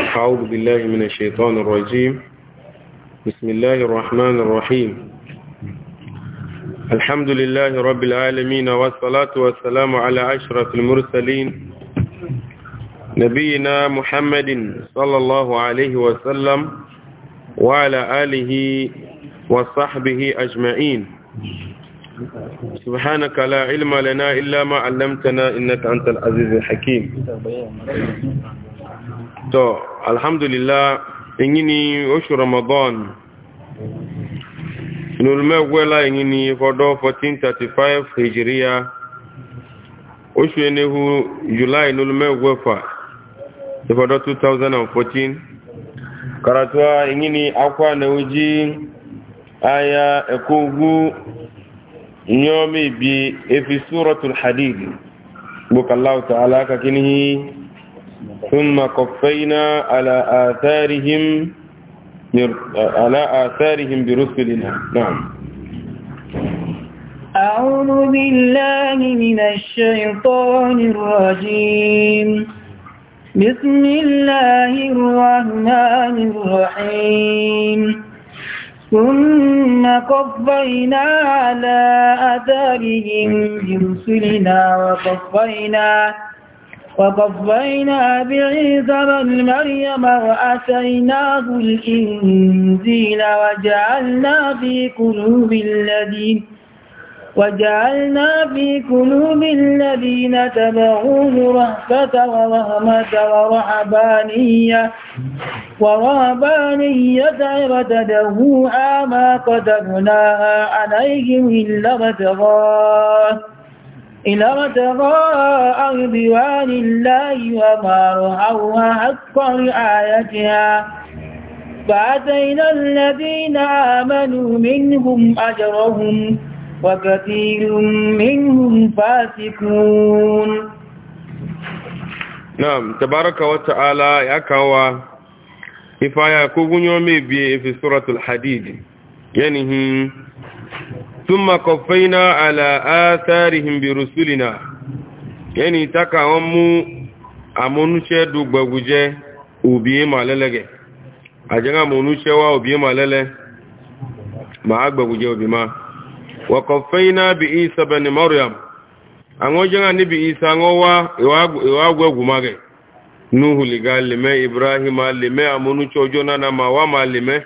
أعوذ بالله من الشيطان الرجيم بسم الله الرحمن الرحيم الحمد لله رب العالمين والصلاة والسلام على أشرف المرسلين نبينا محمد صلى الله عليه وسلم وعلى آله وصحبه أجمعين سبحانك لا علم لنا إلا ما علمتنا إنك أنت العزيز الحكيم to alhamdulillah engini oṣù ramadan nulmẹ́gbẹ́lá engini fọdọ́ 1435 hijiriya oṣù enehu july nulmẹ́gbẹ́fà fọdọ́ 2014 karatuwa engini akwa na ojí aya ekogu nyomi bi efi suratul hadid bukallahu ta'ala kakinihi ثم قفينا على آثارهم على آثارهم برسلنا نعم أعوذ بالله من الشيطان الرجيم بسم الله الرحمن الرحيم ثم قفينا على آثارهم برسلنا وقفينا وقفينا بعيسى بن مريم وأتيناه الإنزيل وجعلنا في قلوب الذين وجعلنا في قلوب الذين تبعوه رهفة ورهمة ورهبانية ورهبانية ابتدوها ما قدرناها عليهم إلا ابتغاه إلى تغاء بوان الله وما رعوها حق رعايتها فأتينا الذين آمنوا منهم أجرهم وكثير منهم فاسقون نعم تبارك وتعالى يكوى إفايا كوبون يومي في سورة الحديد يعني ثم قفينا على آثارهم برسلنا يعني تكا أمو أمونوشي دوبوجي أوبيه ماللغي أجنغا مونوشي وأوبيه ماللغي ما أكبوجي وبما وقفينا بإيسى بن مريم أنو جنغا نبي إيسى أنو إواغوغو ماغي nuhu liga lime ibrahim lime amunucho jona na mawa ma lime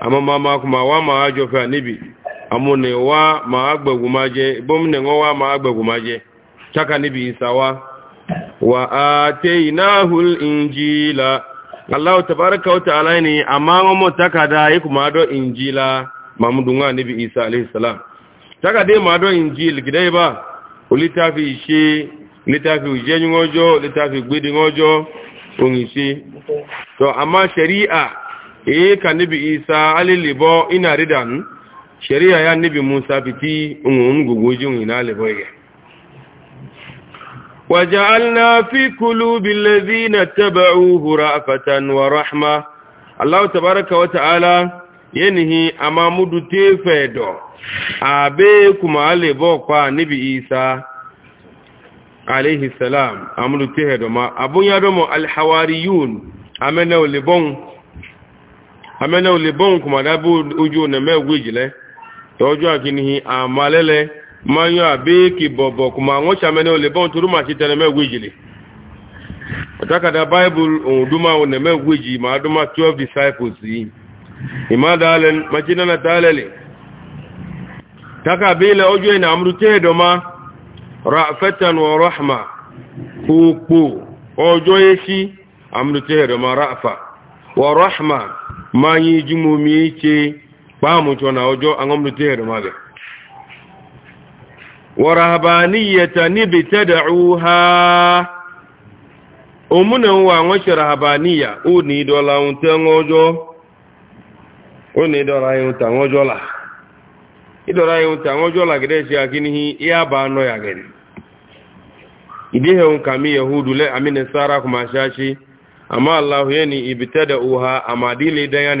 ama mama kuma wa ma ajofa nibi amune wa maagbagumaje bomne wa maagbagumaje chaka nibi isawa wa atainahu injila Allah tabaraka wa ta'ala ni amango motaka da yiku mado injila mamudunga nibi isa alayhi salam chaka de mado injil gidai ba ulitafi ishi litafi ujenyu ojo litafi gbidi ojo onisi so, ama sharia e kanibi isa alilibo inaridan sheria ya nabi musa fiti ungun gugujin ina labaye وجعلنا في قلوب الذين اتبعوه رأفة ورحمة الله تبارك وتعالى ينهي أمامد تفيدو أبيكم علي بوقع نبي إيسى عليه السلام أمامد تفيدو ما أبو يدوم الحواريون أمنوا لبون أمنوا لبون كما دابو أجونا ما وجله ọjọ́ àkínihì àmàlẹ́lẹ́ máa yọ àbíkì bọ̀bọ̀ kò máa wọ́n ṣàmẹ́ni olè bọ́n torú màá ṣe tẹ́lẹ̀ jìlẹ̀ ọ̀tákàdá bible ohun dúmà ọ̀nà mẹ́wé jì máa disciples yìí ìmádàálẹ̀ màjínánà tààlẹ̀lẹ̀ takàbílẹ̀ ọjọ́ ìnà àmúrútẹ́ ìdọ́má ra'fẹ́tàn wọ ọjọ́ yẹ́sí àmúrútẹ́ ìdọ́má ra'fa wọ máa yí jùmọ̀ mi ṣe kpaamụchọ na ọjọ aṅọmlute hermaga warahabaniyata nibi àwọn sharhabaniya la idora yun ta ngojo la gede se akini hi ya ba no ya le amine sara kuma shashi amma allah yani ibtada uha amadili dan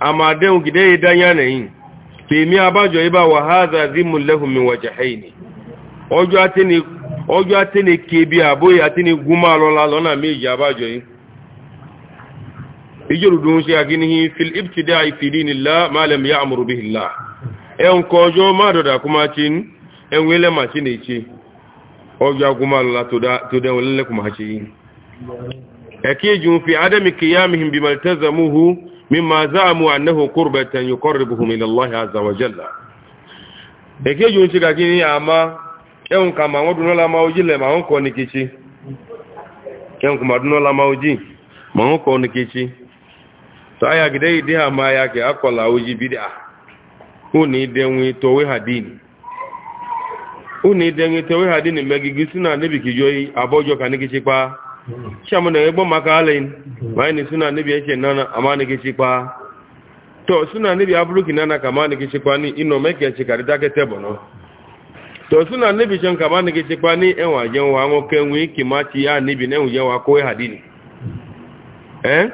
amadeu gide idanya na yin femi abajo iba wa hadha zimun lahum min wajhaini ojo atini ojo atini kebi aboye atini guma lola lona meji abajo yi ijiru dun se aginihi fi dinillah ma lam ya'muru bihi e ma kuma e مما زعموا أنه قربة يقربهم إلى الله عز وجل eke jo nchi gagi e ni ama e ehun ma wodun la ma oji ma won ko ni kichi ehun ma ma ama ya ke akola oji bid'a uni denwi to we hadin uni megigi suna nibi kijo shamu na egbo maka alain bayan suna nabi yake nana amani ke chikpa to suna nabi abruki nana kama ni ke chikpa ni ino meke chikari take tebo no to suna nabi chen kama ni ke chikpa ni enwa jen wa ngo kenwi kimachi ya nabi ne uje wa ko hadini eh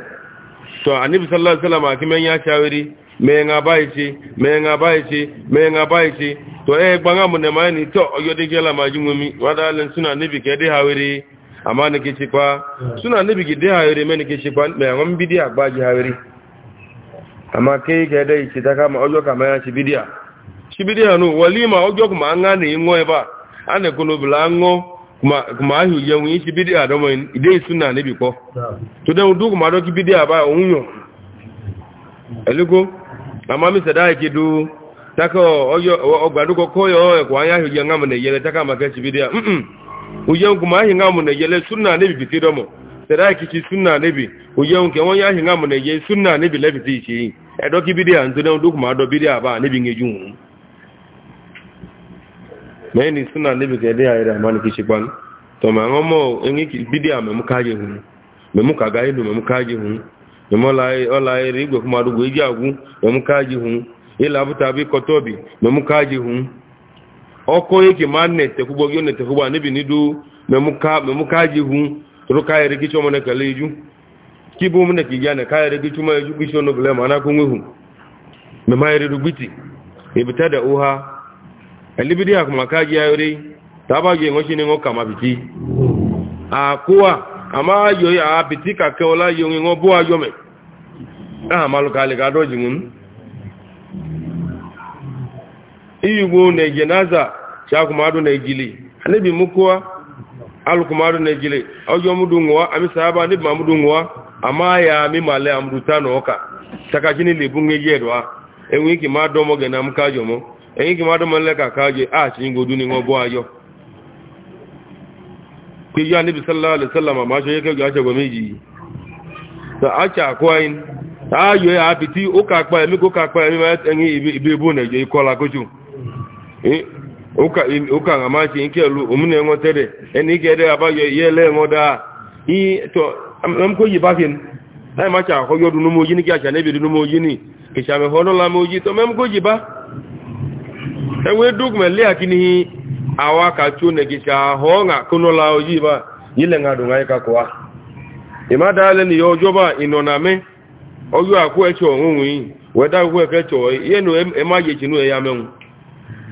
to anabi sallallahu alaihi wasallam akimen ya shawiri me nga bai chi me nga bai chi me nga bai chi to e gbanga mu ne mai ni to oyode ma majumumi wada len suna nabi ke de hawiri amma na ke cikwa suna nabi gide hayori mai na ke cikwa mai yawon bidiya ba ji hayori amma kai ga dai ci ta kama ojo kama ya ci bidiya ci bidiya no walima ojo kuma an gane yin ngoye ba an da kuno bula an ngo kuma ahi uye wunyi ci bidiya da mai idai suna nabi ko to dan duk ma doki bidiya ba unyo eliko amma mi sada yake du taka ojo ogbaduko koyo e ko an ya hiye ngam ne yele taka ma ka ci bidiya mm ujen kuma ahi nga na yele sunna ne bi fiti domo kiki sunna ne bi ke won ahi nga na ye sunna ne bi le fiti shi e do ki bidia nzo don du kuma do bidia ba ne bi ngeju me ni sunna ne ke ki ban to ma ngomo ki bidia me mu kaje hu me mu kaga me mu kaje hu me mo lai o lai ri gbe kuma ji ọkọ yake ma ne tekugbo gi ne n'ido ne binidu memuka memuka jihu ru kai rigi chomo ne kaleju kibu mu ne kija ne kai rigi chuma ju bisho no gle mana kunwe hu me mai ru biti ibtada uha alibidi ak makaji ayore tabaje ama ga igbo na jenaza shakumadu na ejili anibi mukuwa alukumadu na ejili ojo mudu ngwa ami sahaba anibi mamudu ngwa ama ya mi male amdu tano oka takajini lebu ngejedwa enwe ki ma domo ge na mkajo mo enwe ki ma domo le ka kaje a chi ngodu ni ngobo ayo ki ya anibi sallallahu alaihi wasallam ma jo yeke ga chego meji ta acha kwain ayo ya apiti o ka pa emi ko ka pa emi ma enwe ibebu na je ikola gojo ụka eh, ga amachi nke elu omena enwetere na ike ede aba ya ele enweda mkweji baki anyị macha ahụghị ọrụ n'ume ojii nke acha na-ebiri n'ume ojii kịcha mehụ ọrụla m ojii tọme mkweji ba enwe duk mele aki n'ihi awa ka chuo na kịcha ahụ ọṅa kụnụla ojii ba yile ngadụ anyị ka kụwa ịmada ale na ya ọjọọ ba ị nọ na me ọjọọ akwụ eche onwe onwe yi weda akwụkwọ eke chọọ ihe na e, e emaghị echi n'ụlọ e ya menwụ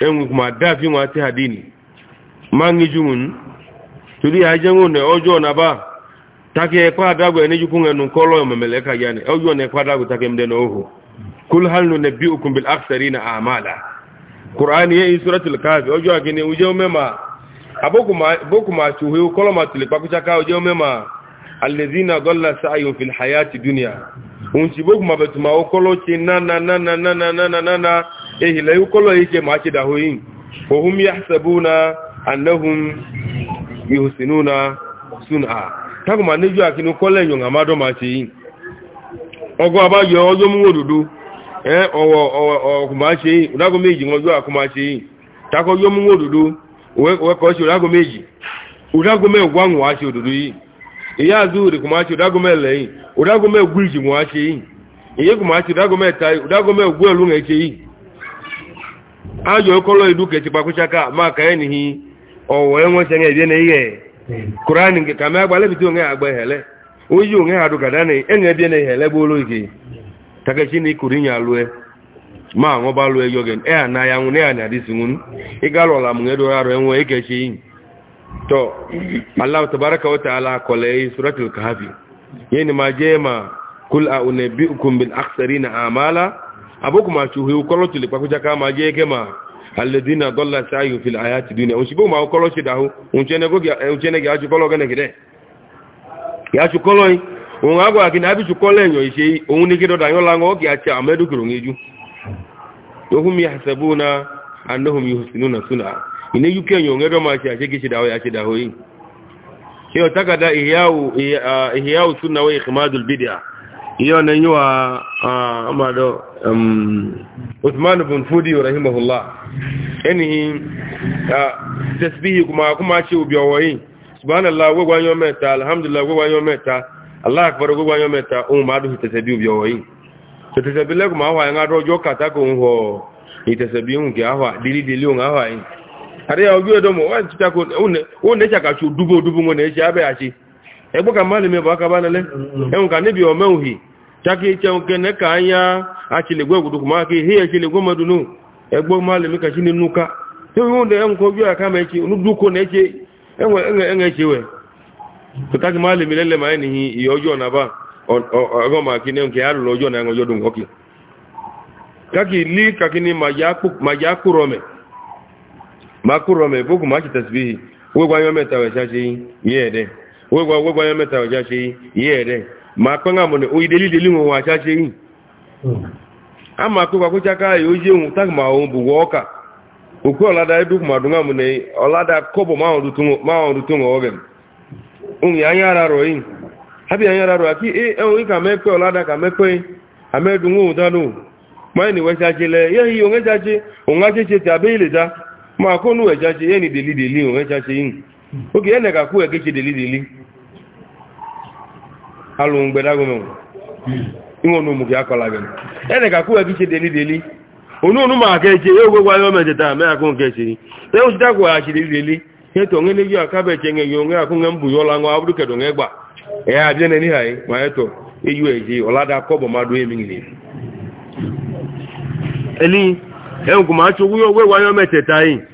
ẹ̀wùn kùmà dáàfin wọn àti àdínì máa ń gíjú mùn torí ajẹ́wọ̀n ọjọ́ ọ̀nà bá take ẹ̀kọ́ àdágbà ẹ̀nẹ́jú kún ẹnu kọ́lọ́ ọmọmẹ̀lẹ́kà yá ni ọjọ́ ọ̀nà ẹ̀kọ́ àdágbà take ẹ̀mdẹ́ náà óhù kúl hàlù ehila ukolo ike ma ci dahoyin wahum yahsabuna annahum yuhsinuna sun'a tagu ma neju akinu kole yon amado ma ci ogo abayo ojo mu odudu eh owo owo ku ma dagu meji ojo aku ma ojo mu we ko dagu meji udagu me wa iya ku ma dagu me leyin udagu me gwiji mu wa iye ku ma dagu me tai udagu me elu ngeche ajo kolo ka enyi pakuchaka maka enihi owo enwe senga ibie na ihe qur'an nge kama agbale bitu nge agba hele oyi nge adu kadane enye bie na hele bolo igi takechi ni kurinya lue ma ngo ba lue yogen e ana ya ngun e ana disungun igalo la mun kole aboku ma chu hu kolo tuli pa kuja kama je kema alladina dalla sayu fil ayati dunya usibo ma eh, kolo shi dahu unchene go unchene ga chu kolo gane gide ya chu kolo yi un ago akina abi chu kolo enyo ise un ni kido danyo lango ki acha amedu kurungeju yohum suna ine yuke enyo ngedo ma cha che kishi dahu ya che hiyo takada ihyau ihyau ah, sunna wa iyo na yi wa ah, amado usman bin fudi rahimahullah enihi ah, tasbihi kuma kuma ce ubi owoyi subhanallah gwagwa yo meta alhamdulillah gwagwa yo meta allah akbar gwagwa yo meta o um, ma du tasbi owoyi tasbi le kuma wa nga kata ko ho ni tasbi un dili dili un yi ya obi odo wa ti ko un ne chaka egbo ka mmadụ mebụ aka banale mm-hmm. enwe ka nebi omenwuhi chaka iche nwoke ne ka anya achiligwe gwurukwu maka ihe ya chiligwe mmadụ nu egbo mmadụ eme ka chi n'inu ka ewu ndị enwe ka obi aka ma echi nudukwu na eche enwe eche we na ba ọgọ maka ine nke na enwe ọjọọ kaki li kakini maji akụrọme ma akụrọme bụ kuma achị tasbihi ogwe gwa anyị ometawe wegwa wegwa ya meta ọja ṣe yí ẹ̀rẹ́ ma kọ́ ń àmọ̀nà oyi délí délí wọn wà ṣá ṣe yìí a ma kó kwakó chaka yìí ó yé òun ma ọ bù wọ́ ọkà òkú ọ̀lada ẹdùn kùmà dùn àmọ̀nà ọ̀lada kọ́bọ̀ máa ọ̀dún tó ń ọ̀ọ́gẹ̀ òun yà rọ̀ yìí àbí ányá ara rọ̀ àti ẹ̀hún ìkà mẹ́pẹ́ ọ̀lada kà mẹ́pẹ́ àmẹ́dùn òun dánú oge ya na-aga akwụ deli delideli alụ mgbedago inwe onụmụ gị akọla gị ya na-aga akwụ egechi ma aka eche ya ogwe gwanye omejeta mee akụ nke chiri te ha gwaghachi delideli deli to onye negi aka nye ya onwe akụ nge mbụ ya ọla nwa ọ kedu gba ya abịa na niha anyị ma ya to eyu eji ọlada kọbọ mmadụ emigiri eli enwekwu ma achọ ogwe ya ogwe anyị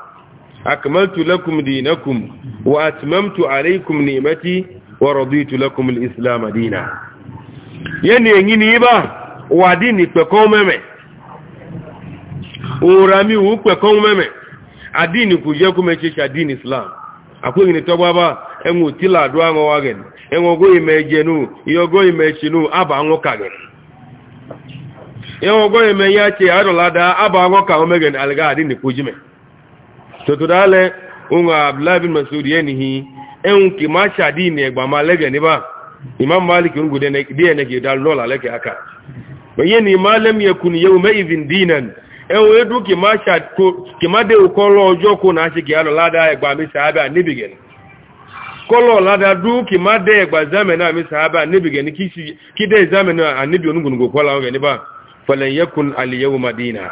أكملت لكم al وأتممت عليكم نعمتي ورضيت لكم الإسلام wa يعني ينيني با وادين يكون adini dini islam akwụghị n'ịtọgba ba enwe tila adụ aṅụwa gị enwe ogoghị ma nu ihe ogoghị ma nu aba aṅụ ka gị enwe ogoghị ma aba ka sotoda ale ŋun abdullahi bin masud yɛ nihi ɛŋun kì máa ṣàdí ìnì ẹgbà máa lẹ́gẹ̀ níbà imam malik ń gòdè díẹ̀ nẹ́gẹ̀ dá lọ́la lẹ́kẹ̀ aka bẹ̀yẹ́ ni máa lẹ́mú yẹ kùn yẹ́wò dínan ẹ̀hún edu kì máa ṣàtò kì máa náà sàábà kí náà kọ́lá madina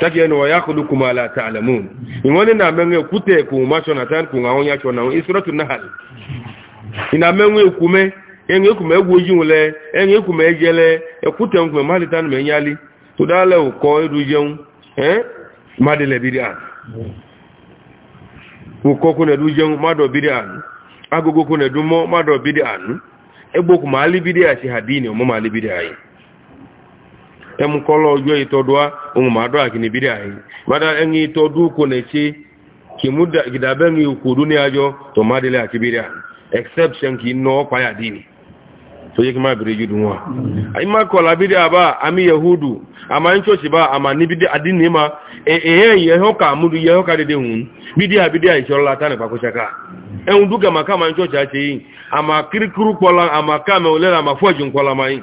taki yanu wa yakhluqu ma la ta'lamun ingoni na menge kute ku macho na tan ku ngaonya cho na isratu nahl ina menge kume enge kume wojunle enge kume jele ekute nkume mali tan menyali tudale eh? uko irujeun eh madele bidia uko kuna dujeun mado bidia agogo kuna dumo mado bidia egboku mali bidia si hadini mo mali bidia yi ẹmu kọlọ ọjọ ìtọdọa ohun máa dọ àkìní bídà yìí bàtà ẹni ìtọdọ kò nà ṣe kì mú ìdàbẹ́ ní òkòdó ní ajọ tó má délé àti bídà except ṣẹ́nkì iná ọ̀páyà dìní tó yẹ kí má bèrè yìí dùn wá. àyè má kọ̀ làbídà bá àmì yahudu àmà ń ṣọ́ọ̀ṣì bá àmà ní bídà àdínní ma èèyàn yẹhọ́ ká múdu yẹhọ́ ká dédé hùn bídà bídà ìṣọ́lá tánà pàkóṣaká ẹ̀hùn dúgàmà ká má ń ṣọ́ọ̀ṣì àṣeyìn àmà kíríkírú kpọ́lá àmà ká mẹ́wọ́lẹ́lá àmà fọ́ọ̀jù nkọ́lá máa yìí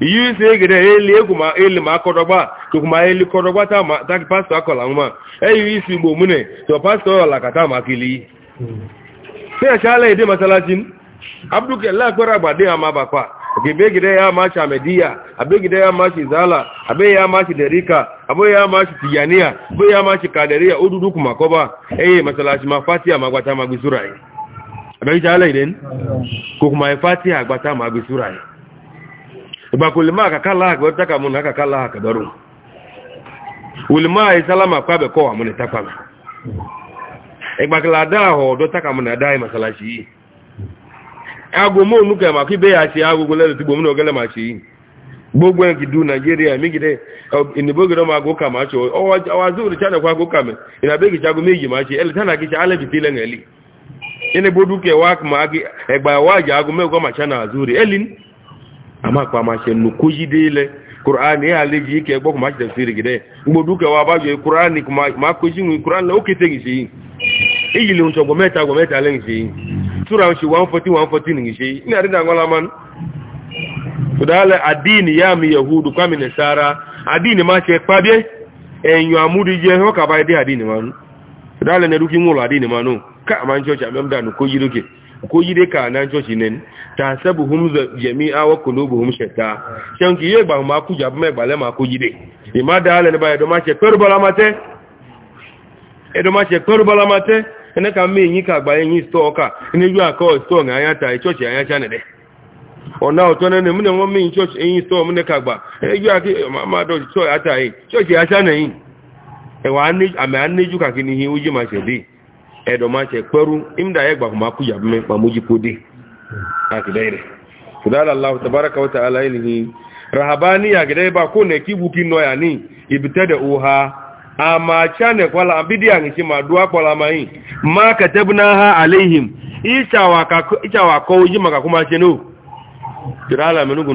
iyi isi egede eli egwu ma eli ma akọdọgba tukwu ma eli kọdọgba taki pastọ akọla nwa eyi isi igbo mune tọ pastọ ọla kata maka ili fechala ede masalachin abdukela akpara agbade ya ma bakwa gebe egede ya machi amedia abegide ya machi zala ya machi derika ya machi tijania ya machi kaderia odudu kuma kọba eyi masalachi ma fatia ma gbata iden kokuma fatiha gbata ma gbisura yi ìgbàkùlùmá kàkàlá àkàbẹ̀ tákà mú nà kàkàlá àkàbẹ̀rù wùlùmá ìsálámà pàbẹ̀ kọ́ àmúnì tápàmì ìgbàkùlà dáa ọ̀dọ́ tákà mú nà dáa ìmàsàlásì yìí aago mọ́ ònú kẹ̀mà kí bẹ́ẹ̀ àṣẹ agogo lẹ́nu tí gbòmìnà ọgẹ́lẹ̀ máa ṣe yìí gbogbo ẹ̀kì du nàìjíríà mígidẹ ìnìbógidọ́ máa gó kàmá ṣọ ọwọ́ azúrù china kwa gó kàmẹ́ ìnàbẹ́gì ṣago méjì máa ṣe amakpa mace nukuji dile e ya leji ike gbo kuma tafsir gide ngbo duke wa ba je qur'ani kuma ma koji ngi qur'an la shi eyi le unto meta go meta le ngi 140 114 ngi ina rinda ngola man kudale adini ya mi yahudu kwa minesara adini ma che amudi je ba adini man kudale ne ngulo adini manu ka man cha memda ko yi dai ka nan joji nen ta sabuhum jami'a wa qulubuhum shatta shan ki ye ba ma ku bale ma ku yi dai e ma da halen ba e do ma che kor bala mate e do ma kor bala mate ka ka gba yin stọọ ka aka ta e church cha ne de ona ne ne church e yin ka gba e yu aka ma do so yin e church ya cha ne yin ka kini hi uji ma edo ma ce kperu inda ya gba kuma ku yabu mai mamuji kode a gidaire kudala allah tabaraka wa ta'ala rahabani ya gidaire ba ko ne kibu ki noya ni ibtada uha ama chane kwala abidia ngi ma dua kwala mai ma katabnaha alaihim icha wa ka icha wa ko ji maka kuma ce no kudala menugo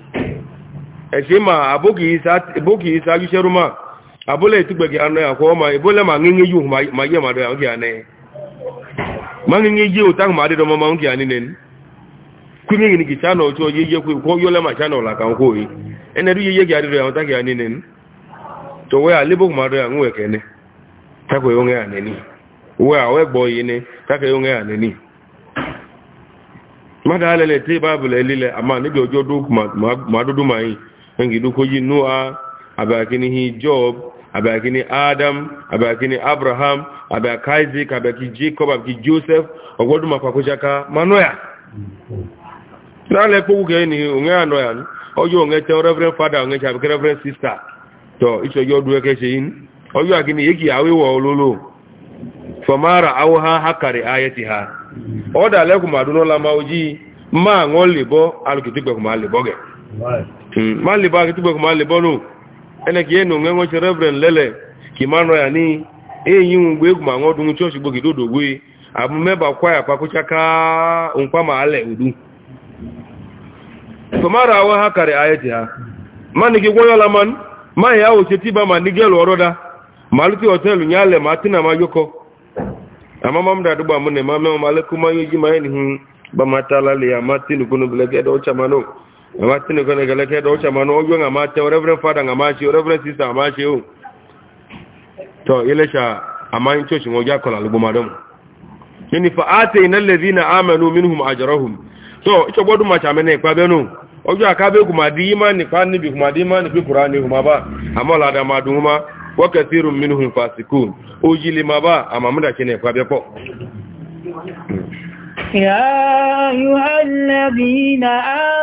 ẹ̀ṣẹ́ ma àbókì ìsájú ṣẹ́rú ma àbólẹ̀ ìtúgbẹ̀gẹ̀ anẹ́ àkọwọ́ ma ìbólẹ̀ ma ngíngí yóò ma yẹ́ màdọ̀ àwọn kìí ma ngíngí yíò táàkì ma dédọ́ ma ń kìí àní nẹni kí ní ìrìnkì chánà ọjọ́ yíyẹ kó yọ́lẹ̀ ma chánà ọ̀làkàn kó yìí ẹni ẹdú yíyẹ kìí àdídọ̀ àwọn táàkì àní nẹni tọwẹ́ àlébòkù ma dọ̀ àwọn ẹ̀kẹ́ ni táàkì yóò ngẹ́ ànẹ́ni wẹ́ àwẹ́ gbọ́ yìí ni táàkì yóò ngẹ́ ànẹ́ni má dáa lẹ́lẹ̀ tí báàbù lẹ́ lílẹ̀ àmà níbi ọjọ́ dó ma dúdú ma yìí fengi dukoji nuwa abakini hi job abakini adam abakini abraham abaki isaac abaki jacob abaki joseph ogwoduma pakojaka manoya nale pogu ke ni unge anoya ojo unge te reverend father unge chabi reverend sister to icho jo duwe ke shein ojo akini yeki awe wo ololo famara awha hakari ayatiha oda leku maduno la mauji ma ngol libo alkitigbe kuma liboge mali ba ki tubo mali bolu ene ki enu ngengo che reverend lele ki mano ya ni eyi un gbe ma won dun church gbo ki dodo gbe abu meba kwaya pa ku chaka un pa ma ale udu to mara wa ha kare ayati ha mani ki gwo yola man ma hmm, ya o che tiba ma ni gelo oroda maluti hotel nyale ma tina ma yoko ama mam da duba mun ne ma me ma le kuma yiji ma ni hun ba mata lale ya ma tinu kunu blege do chama no ngama tinu kana gala ke do chama no ojo ngama te reverend father ngama chi reverend sister ngama chi o to ile cha aman cho chi ngoja kola lugo madam yani fa atayna alladhina amanu minhum ajrahum to icho bodu ma chama ne pa benu ojo akabe ku madi imani pa ni bi ku madi imani bi qur'ani huma ba amola da maduma wa kathirun minhum fasikun ojili maba amamuda chene pa bepo يا أيها الذين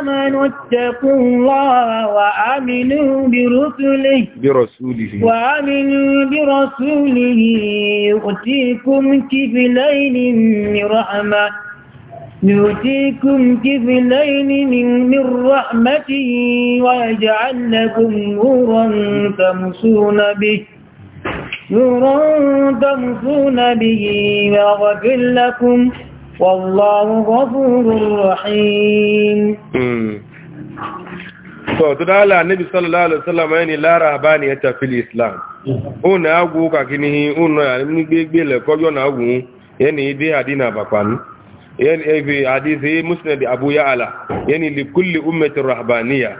آمنوا اتقوا الله وآمنوا برسله برسوله وآمنوا برسوله يؤتيكم كفلين من رحمة يؤتيكم كفلين من رحمته ويجعل لكم نورا تمسون به نورا تمسون به ويغفر لكم Wallahu ghafurur rahim. Hmm. So, to dala Nabi sallallahu alaihi wasallam yani la rahabani hatta fil Islam. Una agu ka kini una ni gbegbe le kojo na agu yani di hadina bapan. Yani bi hadisi Musnad Abu Ya'la yani li kulli ummati rahbaniyya.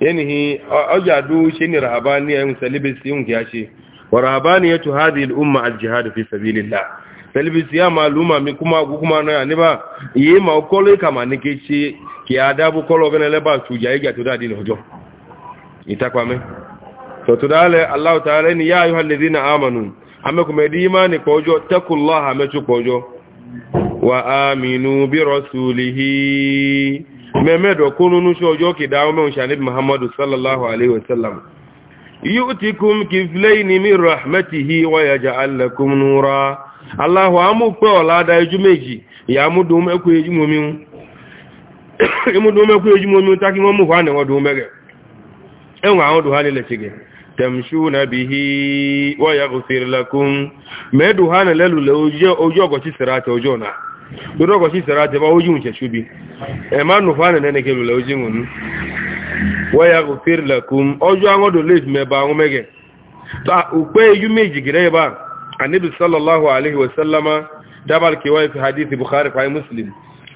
Yani hi ajadu shini rahabaniyya musalibi si unki ashi. Wa rahabaniyatu hadhihi al umma al jihad fi sabilillah talibisi ya maluma mi kuma kuma na ni ba yi ma kolo kama ni ke se ki adabu kolo bene le ba suja iga to dadi nojo itakwa me to to dale allah ta'ala ni ya ayuha alladhina amanu ame kuma di imani kojo takullaha me chu kojo wa aminu bi rahmatihi wa yaj'al lakum aláhù amúpé ọ̀láadá ejú méjì ìyà amúdùn mẹ́kú ejúmomi tákí wọ́n mú wà níwọ̀n dùn mẹ́rẹ̀ ẹwọ̀n àwọn dùn hálẹ̀ lẹ́tìgẹ̀ tẹ̀mṣúnà bí i wọ́n yà kò fèrè lẹ́kún mẹ́dù hánà lẹ́lùlẹ̀ ojú ọgọ̀sí sẹ̀rátẹ̀ ojú ọ̀nà lórí ọgọ̀sí sẹ̀rátẹ̀ annabi sallallahu alaihi wasallama dabar kewaye fi hadithi bukhari fa muslim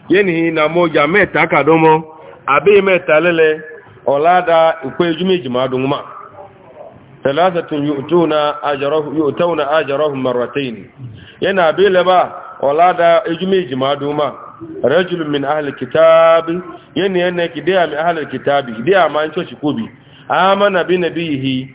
yanihi na moja meta ka domo abe meta lele olada ikwe jumi jimadu nguma thalathatun yu'tuna ajrahu yu'tuna ajrahum marratayn yana abe leba olada ijumi jimadu nguma rajulun min ahli kitab yani yana kidaya min ahli kitab kidaya man chochi kubi amana bi nabihi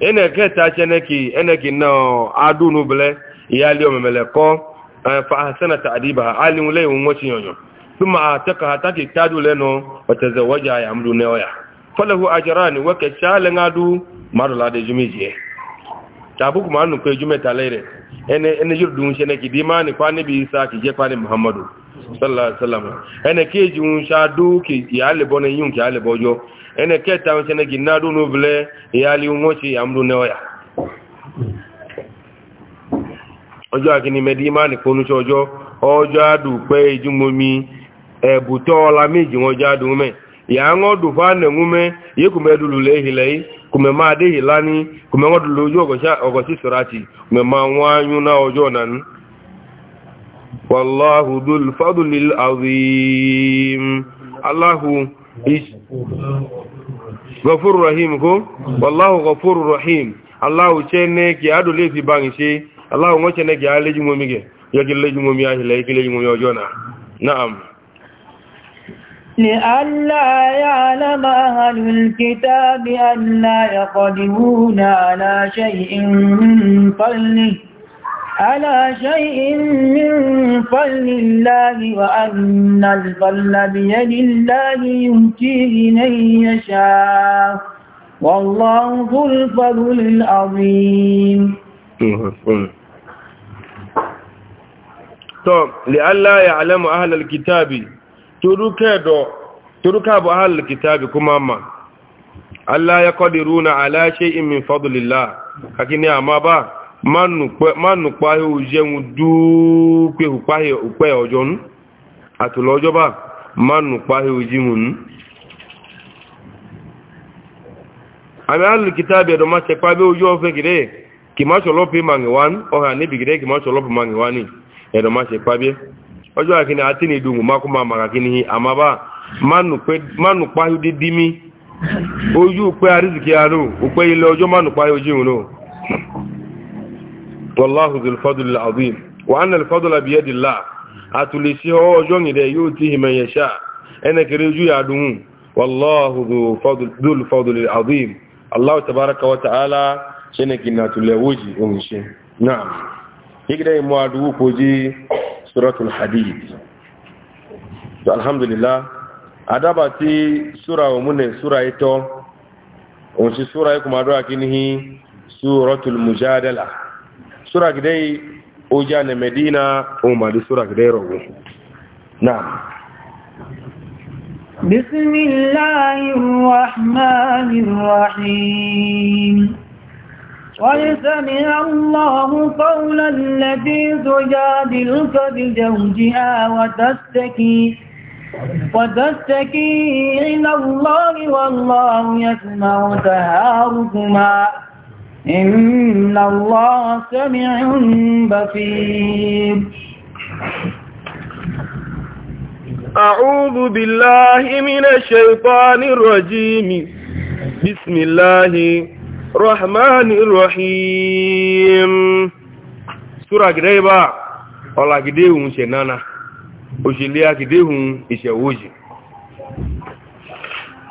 ene keta cheneki eneki no adunu bele yali o memele ko eh, fa ta adiba ali mule unwo chinyonyo thumma ataka hataki tadu leno watazawaja ya amdu neoya falahu ajran wa kashal ngadu marula de jumije tabu kuma anu ko ta lere ene ene yurdun di dimani kwa nabi isa ki je kwa ni muhammadu sallallahu alaihi wasallam ene keji un shadu ki yale bonen yun ki yale bojo ene keta o sene ginna du no vle yali e mo ci amdu ne oya ojo akini medima ni konu chojo ojo adu pe ijumo mi ebuto la meji won jadu me ya ngodu fa ne ngume ye kumedulu le hilei kume ma de hilani kume ngodu lojo ogosha ogosi surati kume ma wanyu na ojo nan wallahu dhul fadlil azim allahu is غفور رحيم كو والله غفور رحيم الله تشنك يا دولي في بانشي الله ما تشنك يا لجي موميغي يا لجي مومي يا لجي مومي يوجونا نعم لئلا يعلم أهل الكتاب أن لا يقدرون على شيء من فضله على شيء من فضل الله وأن الفضل بيد الله يمتيه من يشاء والله ذو الفضل العظيم طب لألا يعلم أهل الكتاب تركا بو أهل الكتاب كماما ألا يقدرون على شيء من فضل الله لكن يا ما بقى manu kpahe ojenwu dukwe ukpahe ukpe ojon atulu ojoba manu kpahe ojinwun ami alu kitabi edo ma sekpa be ojo ofe gide ki ma solo pe mangi wan oha ni bigide ki ma solo pe mangi wani edo ma sekpa be ojo akini ati ni dungu ma kuma maka kini amaba manu pe manu kpahe didimi oju ukpe ariziki anu ukpe ile ojo manu kpahe ojinwun o والله ذو الفضل العظيم وأن الفضل بيد الله أتلسيه وجنه يؤتيه من يشاء أنا كريجو يعدون والله ذو فضل ذو الفضل العظيم الله تبارك وتعالى شنك ناتلوجي أمشي نعم يقدر موادو كوجي سورة الحديد الحمد لله adabati sura omune sura ito onsi sura ikumadu akinihi suratul mujadala sura gidai oja na medina umaru sura gidai rogo na بسم الله الرحمن الرحيم ويسمع الله قول الذي تجادلك بزوجها وتستكي وتستكي إلى الله والله يسمع تهاركما إِنَّ اللَّهَ سميع بَصِيرٌ أَعُوذُ بِاللَّهِ مِنَ الشَّيْطَانِ الرَّجِيمِ بسم اللَّهِ الرَّحْمَنِ الرَّحِيمِ سورة قريبة ولا قديهم شنانا وشليا قديهم إشاوجي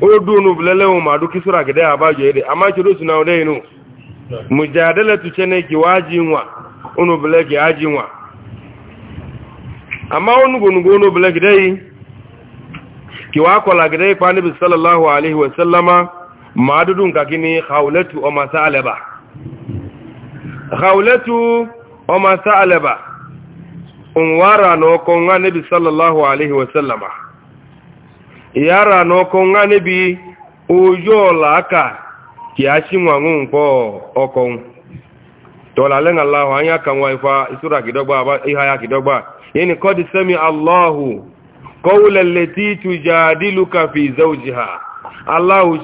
odunu bilelewu madu kisura gede abajo ede ama chido suna ode inu mujadala tu chene ki waji nwa unu bilege aji nwa ama onu gunugo unu bilege dei ki wakola gede kwa nabi sallallahu alaihi wa sallama madudun kakini khawlatu o masalaba khawlatu o masalaba unwara no ko nabi sallallahu alaihi wa sallama yara na ọkọ nwa nebi ojú ọ̀la aka kì á sí wọn àwọn nǹkan ọkọ̀ tọ́lá nwa ifa isura kan iha ya kìdọ́gba yìí ni kọ́ di sẹ́mi aláhù kọ́wùlẹ̀ lẹ́tí tujà dílùkà fi zawjiha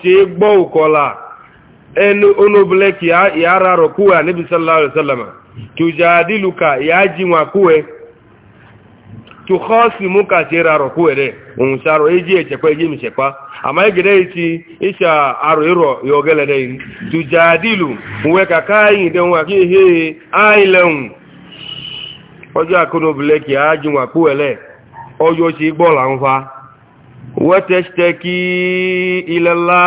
ṣe gbọ́ òkọ́lá ẹni onóbulẹ́ kì á yára rọ̀ kúwà níbi sallallahu alaihi wasallam ji nwa yá tụkọsi mụ ka ti ra arọkwu were onwụcha e arụ eji echekwa eji mechekwa ama egede ichi ịcha arụ ịrọ ya ogelede tujadilu nwe ka ka anyị de nwa ka ihe anyị lenwu ọjọ akụ na obule ka ya ji nwa kpuwele ọjọ ochi gbọla ngwa wetechiteki ilela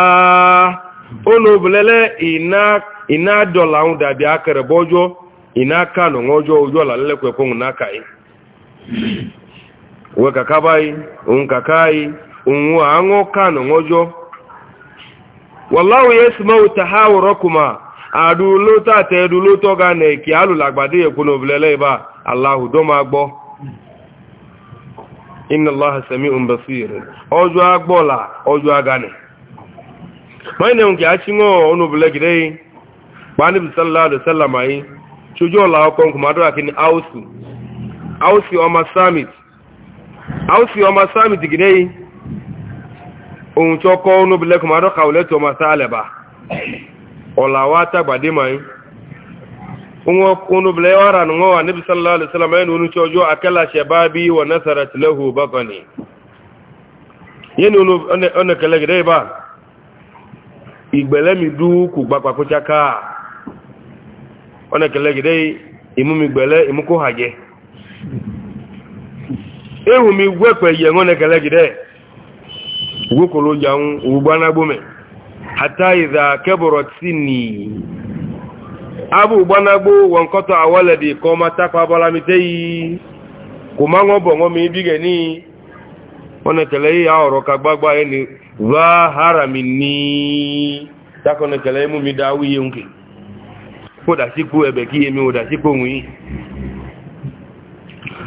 onu obulele ịna dọla nwụ dabi akara bụ ọjọ ina aka nọ ọjọ ụjọ lalelekwekwonwụ n'aka ya e. onwe kakabai onwe kakai onwe anwụ kano nwọjọ wallahu yasmau tahawurakuma adulo ta te dulo to ga ne ki alu lagbade ye kuno bilele ba allah do ma gbo inna allah sami'un basir ojo agbola ojo agane mai ne unki onu bi sallallahu alaihi wasallam ai chujo la okon kuma do akini ausu ausi o ausi ọmọ sami digide ohun tí ọkọ̀ ọ̀nà obìnrin kọmọ adọ́ka olẹ́tì ọmọ sáàlẹ̀bà ọ̀làwà tàgbàdé ma yí ohun obìnrin wà rà níwọ̀n wà níbi sallallahu alaihi wasallam ẹni onú tí ọjọ́ akẹ́làṣẹ bá bí wọ nẹ́sàrà tìlẹ́hù bákanì yẹni ọ̀nàkẹ́lẹ̀ gidẹ́ ibà ìgbẹ̀lẹ́mi dú kù gbapà ewu mi wekwe ye ngone kele gide wukulu jang ubana bume hatta idha kabarat sinni abu ubana bu wankoto awaladi di takwa balamitei kuma ngo bongo mi bige ni one kele ya oro kagbagba eni wa harami ni takone kele mu mi dawi yunki ko da siku ebe ki yemi o da siku nwi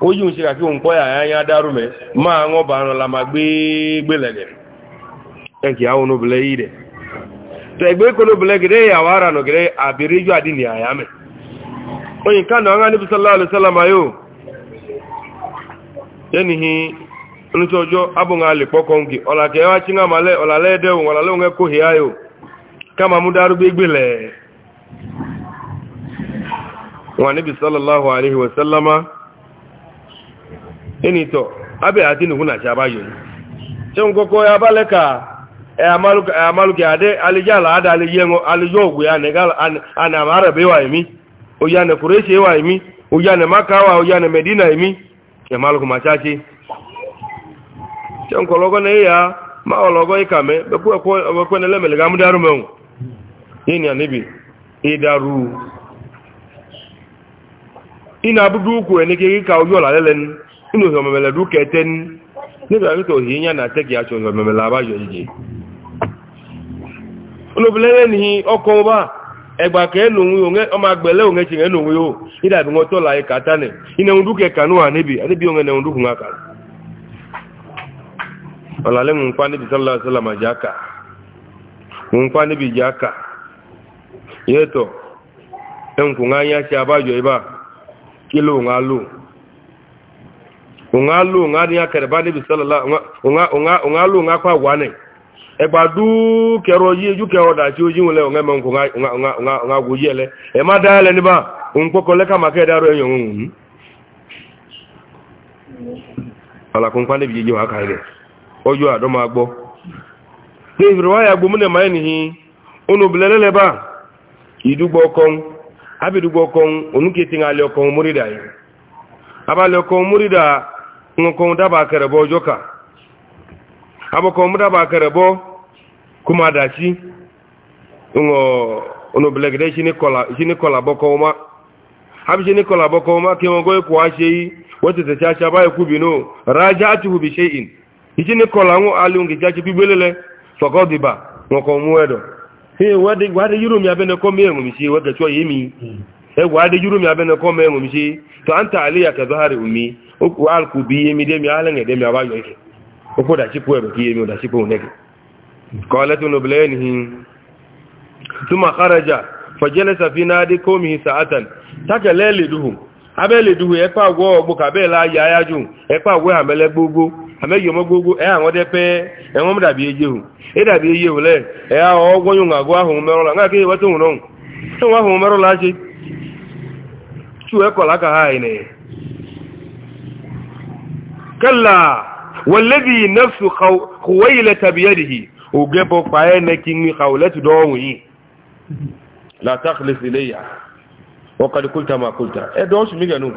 ojú ń ṣe kàkí òun pọ́ àyáyá dárú mẹ́ máa wọ́n bá rán lámà gbégbé lẹ́lẹ̀ ẹkì àwọn onóbìnrin yìí rẹ̀ tẹ̀gbẹ́ kọlóbìnrin gẹ̀rẹ́ ìyàwó ara nà gẹ̀rẹ́ àbẹ̀rẹ́jọ́ àdínì àyá mẹ́ oyin kánà ọ̀rán níbi sọ́lá alẹ́sọ́lámà yóò yẹ́nìhì onítọ́jọ́ abùn alẹ́ pọ́kọ́ǹkì ọ̀làkẹ́ wá tí wọ́n níbi sallallahu alaihi wasallama ịnịtọ abịa adị n'ugwu na chaba yo chenkoko ya abalị ka e amalụgị e adị alịja ala ada alịja ogwu ya a na amaraba ịwa emi oyi a na-ekwuru esi ịwa emi oyi a na-eme aka awa oyi na-eme di na emi amalụgị ma chachi chenkologo na ya ma ọlọgọ ịka me bekwene lemele ga mụdarụ menwu ịnị ya nebi ịdaru ị na-abụdụ ukwu enike gị ka oyi ọla lelenu nínú ìhọ̀ mẹ́mẹ́lẹ̀ dúkẹ́ tẹ́ ní nígbà tó hì yẹn náà tẹ́kì àṣọ ìhọ̀ mẹ́mẹ́lẹ̀ àbáyọ yìí olóbìnrin ní ọkọ̀ ọba ẹgbà kẹ́ lòun yóò ọmọ agbẹ̀lẹ́ òun ẹ̀ṣẹ̀ lòun yóò nídàbí wọn tọ́lá ẹ̀ka tánẹ̀ ìnẹ̀hùn dúkẹ́ kanú wà níbi àdébí òun ẹ̀nẹ̀hùn dúkùn àkà ọ̀làlẹ́ mú nǹkan níbi sálà sálà màjá àkà mú nǹkan níbi ìjà àkà yẹ́tọ̀ unga lu unga ni akarba ni bi sallallahu unga unga lu unga kwa wane e gba du kero yi ju ke oda ti oji wole unga ko e ma da le ni ba un ko ko le ka ma ke daro eyan un ala kun pa ni bi ji wa ma gbo ba nkun daba karabo joka abokan mu daba karabo kuma da shi ngo ono belegde shi ni kola shi ni kola boko ma habi shi ni kola boko ma ke e won ba e ku bino raja'atuhu bi shay'in shi ni kola ngo alungi jaji bibelele fakodiba ngo mu edo he ya bene ko shi wade wade ya ko shi oku alụkụ bụ ihe midemi ala na edemi agbaghị ike okwu dachikwu ebe ka ihe mi dachikwu ka ọ leta n'obele n'ihi tuma kharaja fajele safi na adị komihi sa'atan takele leduhu abe leduhu ekpe agwọ ọgbụ ka bela ya ekpe agwọ ha mele gbogbo ameghị ọmọ gbogbo ẹ àwọn ọdẹ pẹ ẹwọn dàbí eyi ehu ẹ dàbí eyi ehu lẹ ẹ àwọn ọgbọn yóò àgọ ahùn mẹrọ la ngáàkì ìwọ tó hùn la kala wallazi nafsu khuwailata biyadihi ogebo pae ne kingi khawlatu do wi la takhlis ilayya wa qad qulta ma qulta e do su miganu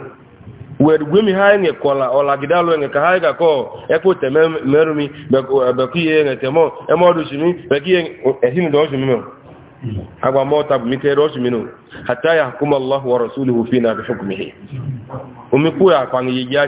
wed gwemi haye kola ola gidalo nge ka haye ka ko e ko teme merumi be ku ye nge temo e mo du simi be ki e hinu do su mimo agwa mo tab mi ke do su mino hatta yahkum allah wa rasuluhu fina bi hukmihi umi ku ya kwangi ya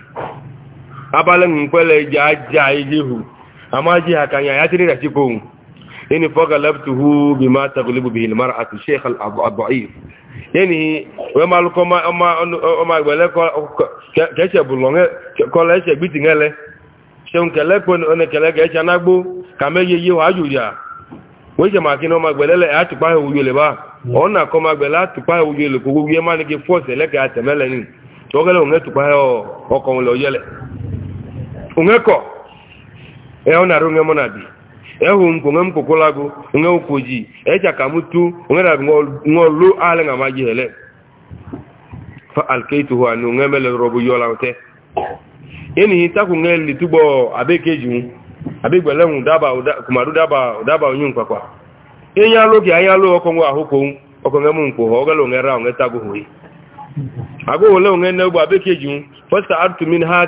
abala nkwele ja ja ihu amaji hakanya ya tiri rati ko yani faga labtuhu bima taghlibu bihi almar'atu shaykh al-adha'if yani wa mal ko ma ma gbele ko ke se bulonge ko le se gbiti ngele seun kele ko ne kele ke se nagbo kameye ye wa juja wo ba ona ko ma gbele ati pa oyo le ni ke force le ni to gele o ngetu pa o ongeko eho na runge mona bi o ngonge mkokolago nge ukoji echa kamutu nge na ngolu ale nga maji hele fa alkaitu wa nu nge yeni abekeju daba kumadu daba daba kwa kwa enya logi anya lo okonwa ahoko okonge mu nko ho galo nge ra nge tagu hoyi ago ole nge ne gba abekeju ha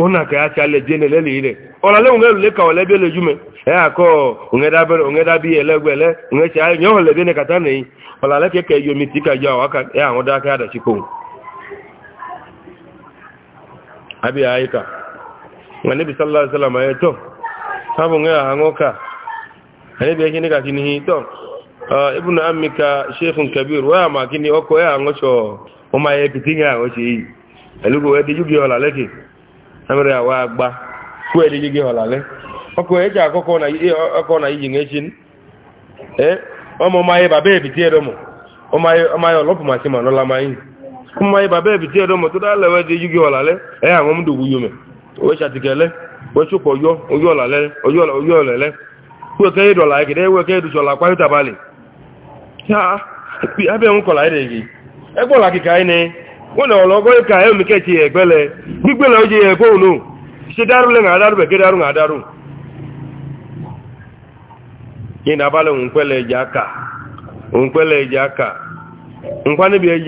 ona ka acha le jene le le ire ola le unge le ka ole bele jume e ako unge da bele unge da bi ele gwele unge cha e nyo le bene kata nei ola le ke ke yo mitika ja waka e awon da ka da chiko abi aika ngane bi sallallahu alaihi wasallam ayo to sabu nge angoka kini hi to kabir wa ma kini oko e o ma o chi elugo e bi amere awa agba kwe elili gị ọlale ọkụ eji akụkọ na e, na iji ngechi ee ọmụmaghị baba ebiti edomo ọmaghị ọlọpụmachi ma nọla maghị ọmụmaghị baba ebiti edomo tụda lewe dị iji gị ọlale ee anwụ m dogbu yume owechatikele wechụkpọ yo oyi olele kweke ịdọla e kwa e ka wọ́n ọ̀lọ́ ọgọ́rẹ́ ka ẹ̀mí kẹ́ẹ̀kì ẹ̀gbẹ́lẹ̀ gbígbẹ́lẹ̀ oye ẹ̀kọ́ òun náà ṣe dárú lẹ́nà àdárú bẹ̀ gẹ́dárú àdárú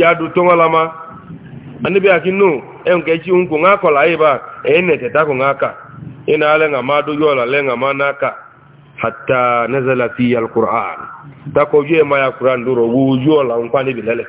yìí lama níbi àkínú ẹ̀ǹkẹ́ẹ̀kì òǹkò ń akọ̀lá yìí bá ẹ̀yìn nẹ̀tẹ̀tà kò ń aka yìí náà lẹ́nà máa dójú ọ̀là lẹ́nà máa ná aka hàtà nẹ́zẹ̀lá fi yà lùkùrán ojú ẹ̀ yà kùrán dúró wọ́ọ́jú ọ̀là nǹkan níbi lẹ́lẹ̀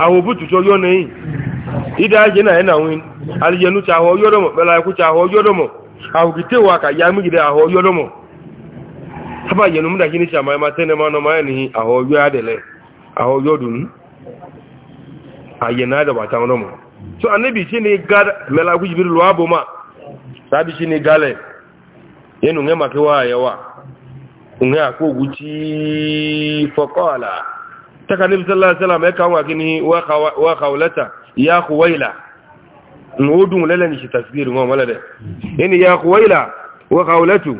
àwọn òbútùtù ọyọ́ nẹ́yìn ìdá ajé náà ẹ̀nà àwọn alìyẹnú ti àwọ ọyọ́dọ̀mọ̀ pẹ̀lá ikú ti àwọ ọyọ́dọ̀mọ̀ àwòkìté wà kàyà mígidẹ àwọ ọyọ́dọ̀mọ̀ sábà yẹnu múdà kí ní ṣe àmàyẹmà tẹ́nẹ máa nọmọ ẹni àwọ ọyọ́ adẹ̀lẹ̀ àwọ ọyọ́dún àyẹ̀nà àdàbàtà ọlọ́mọ̀ so anábì sí ni gádà mẹ́lá kú jìbìrì lọ́wọ́ àbọ̀ máa sábì sí ni gálẹ̀ yẹnu ń taka nabi sallallahu alaihi wasallam eka wa kini wa khawlata ya khuwaila nudun lala ni tafsir ngo mala de yani ya khuwaila wa khawlatu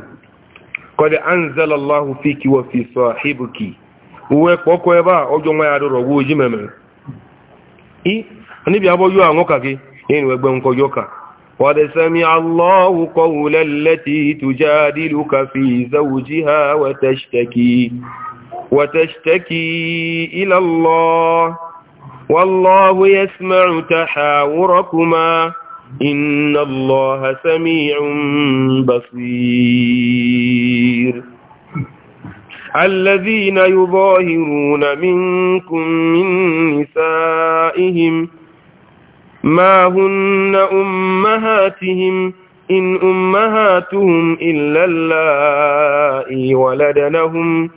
qad anzala allah fiki wa fi sahibuki uwe koko eba ojo mo ya doro wo ji meme i ani bi abo yo awon kage yani we nko yo ka قد سمع الله قول التي تجادلك في زوجها وتشتكي وتشتكي إلى الله والله يسمع تحاوركما إن الله سميع بصير الذين يظاهرون منكم من نسائهم ما هن أمهاتهم إن أمهاتهم إلا اللائي ولدنهم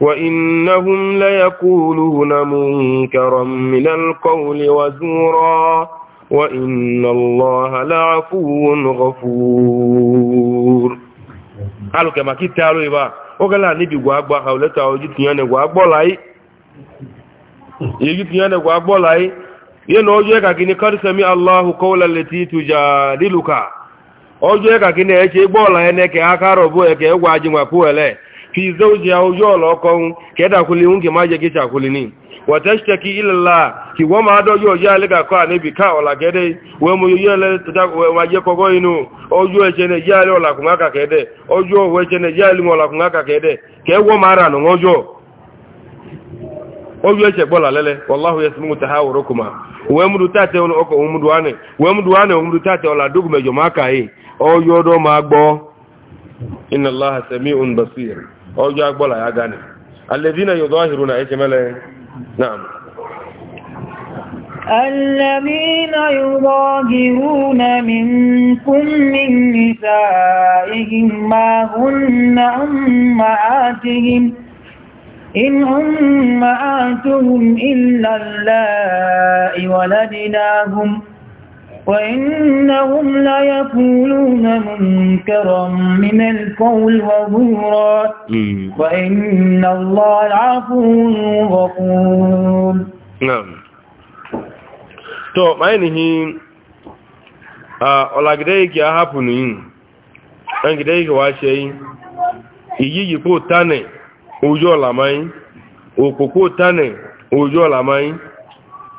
وإنهم ليقولون منكرا من القول وزورا وإن الله لعفو غفور قالوا كما كنت تعالوا إبا وقال نبي قواب وحولتا وجدت يعني قواب بولاي يجدت يعني قواب بولاي yẹnu ọjọ́ ẹ̀kà kí ni kọ́rísẹ̀mí aláhù kọ́ọ̀lá lẹ́tí ìtùjà lílùkà ọjọ́ ẹ̀kà kí fi zawjiha aw yulqaw keda kuli unge maje kicha kuli ni watashtaki ila Allah ki woma do yo yale ga ko anibi ka wala gede we mu yele tuta we maje kogo inu o ju e chene yale wala kuma ka gede o ju o we chene yale mo wala kuma ka gede ke wo mara no ngojo o ju e che bola lele wallahu yasmu tahawurukuma we mu duta te on oko mu duane we mu duane mu duta te wala dugu mejo maka yi e. o yodo magbo inna Allah samiun basir ọjọ́ agbọ́là ya gani alẹ́dínà yóò dọ́hìrù na ẹkẹ mẹ́lẹ̀ náà الذين يظاهرون منكم من نسائهم ما هن أمهاتهم إن أمهاتهم إلا اللائي ولدناهم وإنهم ليقولون منكرا من القول وزورا وإن الله العفو غفور نعم تو ما a olagide ki a hapunu yin an gide ki wa se yi iyi yipo tane ojo lamai opopo tane ojo lamai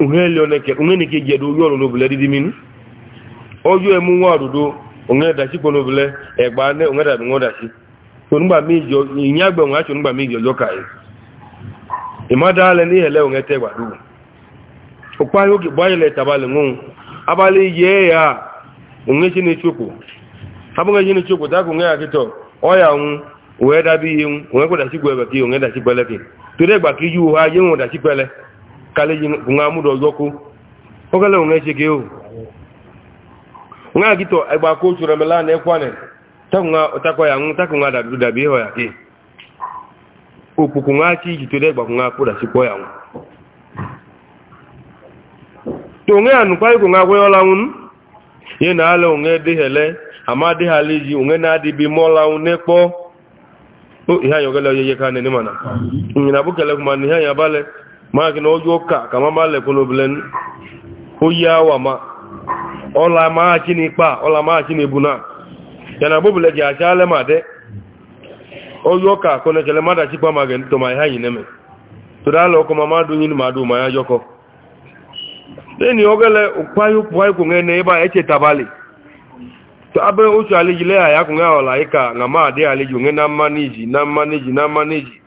onge ke ji edo oyi ọlụlụ obele didi minu oyi emu nwa ọdụdụ onwe dachi kpọrọ obele egba ne onwe dabi nwa dachi tonugba meji inye agbe nwa achọ nugba meji ọjọ ka yi e. imada ale n'ihe le onwe te ya chi chi ta ya kịtọ ọya nwụ wee dabi ihe nwu onwe kwedachi gwa ebe ka onwe ka toro egba ka je nwe dachi kaleji nga mudo yoku ogale nga chekeu nga gito agba e ko chura mela na ekwane tanga otako ya nga takunga da duda biho ya ke upuku nga chi gito de gba nga si siko ya to nga anu kwai ko nga gweola un ye na ala unge de hele ama de haliji unge na di bi mola unepo o iha yogele yeye kane ni mana ni na kele kuma ni ha ya bale maki na ojo ka kama ma lekono bilen oya wa ma ola ma chini pa ola ma chini buna yana bubule ja chale ma de ojo ka ko ne chele ma da chipa ma gen to na eme neme to da lo ko ma du yin ma du ma ya joko deni ogele upayu puai ku ngene iba e eche tabali to abe ojo ale yile aya ku ngaola na e ngama de ale ju ngena maniji na maniji na maniji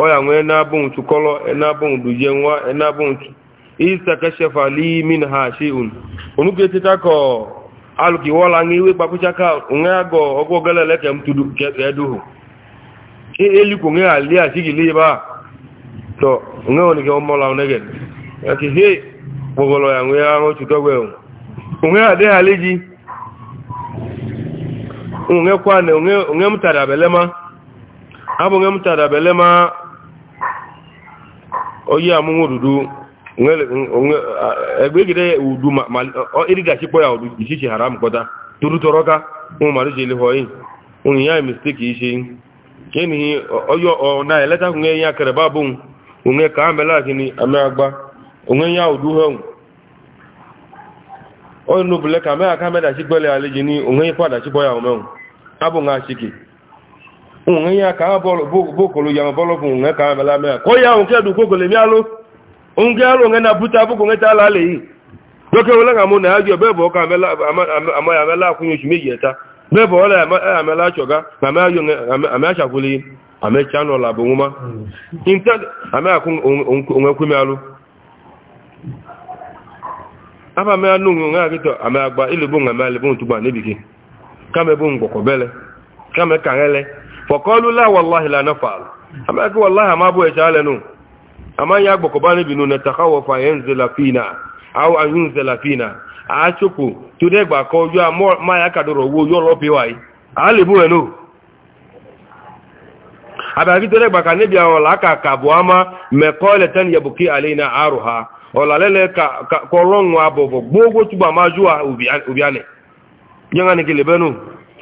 oya nwe nabun tukolo enabun dujenwa enabun isa kashafa li min ha shay'un onuke tita ko aluki wala ngi we papucha ka ngago ogo galele ke mtudu keduhu e eli ko ngi ali asigi li ba to ngo ni ke omola onege ati he bogolo ya nwe ya ngo tutogwe unge ade haliji unge kwane unge unge mtara belema abo unge mtara belema oyi amụnwụ ruru egbe gide udu irigachi kpọ ya udu ichiche haram kpọta turutọrọ ka ụmụ mmadụ ji elihọ yi ụnụ ya misteki Ke kenihi oyo ọna eleta kunye ya kereba bụ unwe ka amela gini ame agba onwe ya udu ha oyo nubule ka aka gbele ni ya kpọ ya òun yẹn ká bókòlù yàmà bọ́lọ́pù òun ká mẹ́lá mẹ́ra kó yá òun kẹ́dù kókòlù mi aló òun kẹ́ aló òun náà búta bókò ń tàà lálẹ́ yìí lókè wọn lẹ́gàmú náà ájọ bẹ́ẹ̀ bọ́ ká àmẹ́lá àkúnyẹ oṣù méjì ẹ̀ta bẹ́ẹ̀ bọ́ ọ́lá àmẹ́lá àṣọ̀gá àmẹ́ àṣàkúlẹ̀ àmẹ́ chánà làbò wọn má kámẹ́ kàrẹ́lẹ́ fọ̀kọ́lú láwọ̀láhì lánàfààlù àmẹ́kí wọ̀láhì àmá bó ẹ̀ṣà lẹ́nu àmá yà gbọ̀kọ̀bá níbi nù nẹ̀tàkọ́wọ̀fà yẹnzẹ̀láfíìnà àwọn àyúnzẹ̀láfíìnà àáṣòkò tó dẹ́gbà kọ́ yọ àmáyàkàdọ̀rọ̀ owó yọ́ lọ́pẹ́wàá àálèbú ẹ̀nù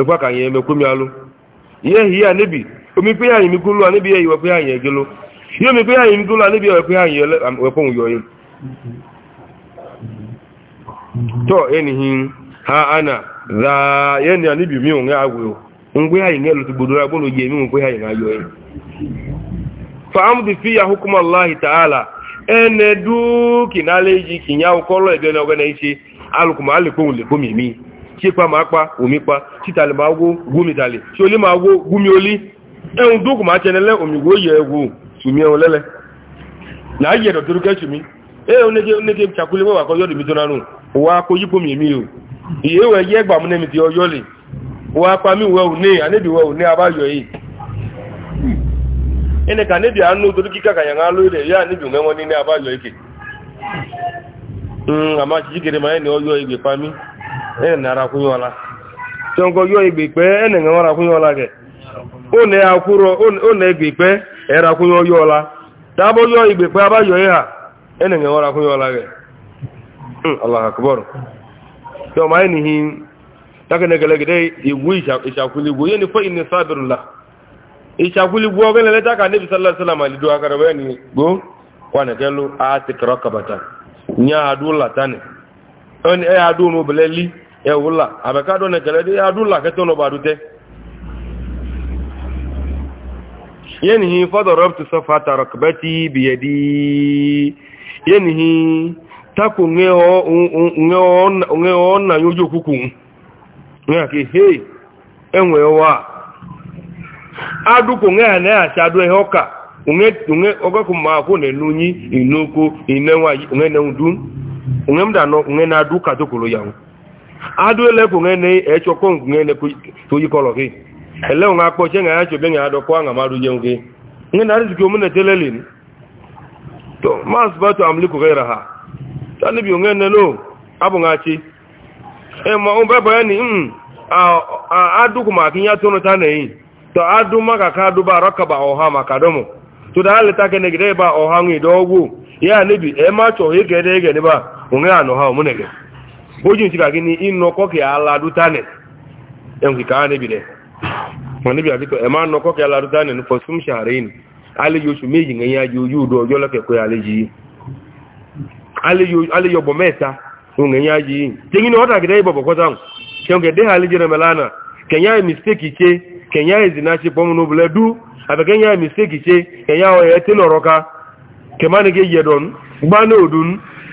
mekwa ka anyị emekwe m alụ ihe hi ya nebi omikpe ya anyị mikwe a nebi ya wepụ ya anyị egelo ihe omikpe ya anyị mikwe a nebi ya wepụ ya anyị wekwe nwuyo ya to enihi ha ana zaa ya ya nebi mi onwe agwụ ngwe ya anyị elutu gbodoro agbolo ji emi nkwe ya anyị na-ayọ ya fa amdi fi ya hukum allah ta'ala ene du kinale ji kinya ukolo ebe na ogana ishi alukuma alikun lekomi mi chekpa ma akpa omikpa chitali ma agwụ gwumitali chioli ma agwụ gwumioli enwu dukwu ma chenele omigwo yi egwu sumi enwu lele na ayi ẹ̀dọ̀ torí kẹ́sù mi ẹ̀ oníke oníke chakule wọ́n wà kọ́ yọ́dù mi tó nánú wà kó yípo mi èmi o ìyẹ́ wẹ̀ yẹ́ gbàmú nẹ́mi ti ọyọ́ lè wà pa mí wẹ̀ òní ànẹ́bì wẹ̀ òní abáyọ̀ yìí ẹnì kan níbi àánú torí kíkà kàyàn án lórí rẹ̀ yá níbi òmẹ́wọ́n ní abáyọ̀ yìí àmà e kwụnyeọla yọọ igbe ikpe ena-enwe ọra kwụnyeọla gị one akwụrọ one egbe ikpe era ọyọọla tabụ yọọ igbe ikpe aba yọọ ha ena-enwe ọra kwụnyeọla gị hmm, alakụbọrụ chọma anyị n'ihi na igwu ịchakwụligwu ihe nifo inisabirula ìṣàkúlùgbò ọgbẹ́ ilẹ̀ na ewula abekado na ekele dị adụla kete n'ụba adute yenihi fọdọrọptu sọfa tarakbeti biyedi yenihi tako nweọ nna ya oji okwukwu nwake hei enwe wa adụkwu na-ehachi adụ ma na adụ ele kwu na echọkọ ngwụ ne toyi kọlọ gị ele nwe akpọche na ya chobe na ya dọkwa aṅa marụ je gị nge na arziki omen to mas amliku gaira ha talibi onge ne lo abu ngachi e ma on baba yani mm a adu kuma kin ya tono ta nei to adu maka ka adu ba rakaba o ha maka domo to da halitta ke ne gide ba o ha ngi dogu ya e ma cho he gede ba ha bójú ti bàgí ní inú ọkọ́kẹ́ aládútánẹ̀ ẹ̀hùn kìkà níbi rẹ̀ wọ́n níbi àbíkọ̀ ẹ̀ máa ń ọkọ́kẹ́ aládútánẹ̀ ní fọ́sùn ṣàárẹ̀ ní aléyóṣù méjì ní ẹ̀yà yóò dọ̀ ọjọ́ lọ́kẹ̀kọ́ aléyìí aléyọ̀bọ̀ mẹ́ta ní ẹ̀yà yìí tẹ́yìn ọ́dà kìdẹ́ ìbọ̀bọ̀ kọ́tàun kẹ́yìn kẹ́yà ìmìsíkì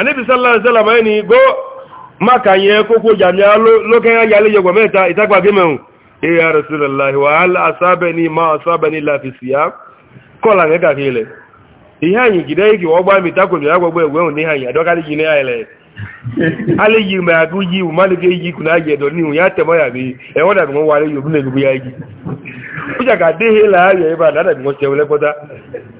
anabi sallallahu alaihi wasallam ẹni go maka yẹ kókó jàmíà lókè ayé alẹ́yẹ gbọ̀n mẹ́ta ìtagbà gímẹ̀hùn èyí arẹ́sìlẹ̀láì wà aláàsábẹ̀ni ma asábẹ̀ni láfisíyá kọ́lá ẹ̀kà kílẹ̀ ihe anyị gide igi ọgbà mi takwemi agbogbo egwehun ní anyị adọ́kálí gị n'ayẹlẹ̀ ya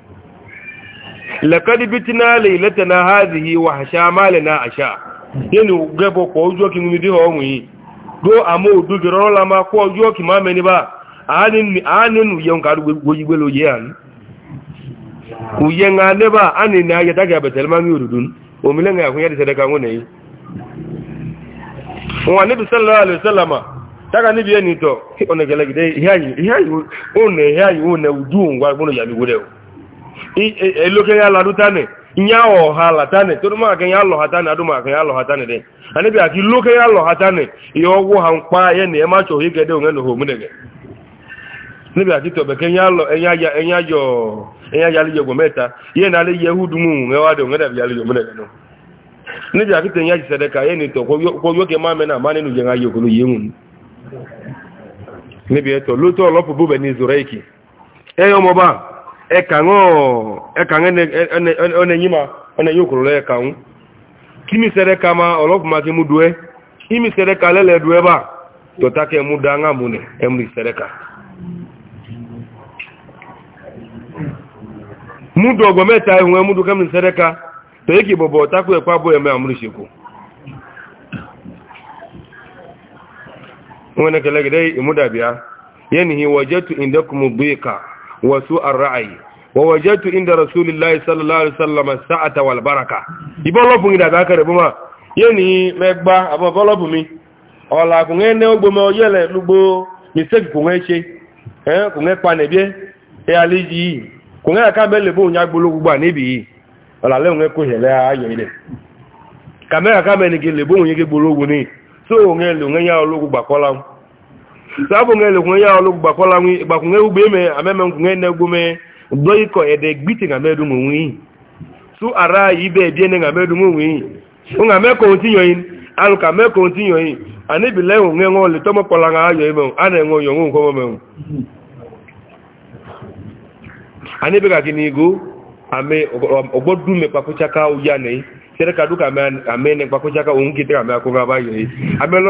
lẹ́kọ́dí bí tí náà lè lẹ́tẹ̀ náà ha zì yí wà ṣá máa lè náà àṣà yẹnu gẹ́bọ̀ kọ ojú ọkì mímí bí ọ̀hún yìí dó àmó òdúgì rọ́rọ́ la máa kọ ojú ọkì máa mẹ́ni bá àánínú yẹun kàdú gbogbo ló yẹ àánú òye ń ané bá àánì ní ayé dágẹ̀ àbẹ̀tẹ̀lẹ́ máa mí òdùdú òmìnir wọn níbi sẹ́lẹ̀ alẹ́ sẹ́lẹ̀mà tága níbi elokenya e, ladu tane nya ọha latane tó dúnmọ́ àkẹyà lọ́ha tane adúnmọ́ àkẹyà lọ́ha tane dẹ anibi àti lókẹyà lọ́ha tane ìyọ ọwọ́ ha ń pa ayẹ ní ẹmá ṣòhí gẹ́dẹ́ òun ẹnu hòmú nẹ̀gẹ̀ níbi àti tọ̀bẹ̀kẹ́ ẹ̀yà yàlẹ́yẹgbọ̀ mẹ́ta yẹ́ ní alẹ́ yẹhúdú mú un ẹwà dẹ̀ òun ẹ̀dàbí yàlẹ́yẹgbọ̀ mẹ́ta náà níbi àti tẹ̀yà jì sẹ́dẹ̀ka yẹ́ ní tọ̀ kọ́ yókè máa mẹ́nà má nínú yẹn ayé òkúrú yẹ́ wọn níbi ẹ̀tọ̀ lótọ́ ọlọ́pù bóbẹ̀ ní zoreiki ẹ̀yọ́ mọ́ bá ẹ̀kàn ọ̀nẹ̀yìnmá ọ̀nẹ̀ yóò kòrò lẹ́ẹ̀kàn ún kí mi sẹ́rẹ́ ma ọlọ́pùmá kí mú duẹ́ kí mi sẹ́rẹ́ ka lẹ́lẹ̀ duẹ́ bá tọ́ta kẹ mú dáńgá mú nẹ̀ ẹmú sẹ́rẹ́ ka mú dọ̀ ọgbọ̀ mẹ́ta ẹ̀hùn ẹmú dùkẹ́ mi sẹ́rẹ́ ka tẹ̀yẹ́ kì bọ̀bọ̀ tákù ẹ̀pá وسوء الرأي ووجدت عند رسول الله صلى الله عليه وسلم الساعة والبركة يبلغ من ذاك بما يعني مغبا ابو bu mi ola kò ń ní ọgbọ́ mọ́ yẹ́lẹ̀ lúgbó mistake kò ń ṣe ẹ́n kò ń pa nẹ̀bí ẹ́ alẹ́jì yìí kò ń so ya sabu nge le kunya olu gbakola nwi gbakunge ugbe me ameme nkunge ne gume ko ede gbiti nga medu nwi su ara ibe die ne ame medu nwi nga me continue yin alu ka me continue yin ani bi le nge le tomo kola nga ayo ibe yo ngo me ani bi ka kini go ame ogbodun me pakucha ka uya nei sere ka me ame ne pakucha ka unki te ka me ame lo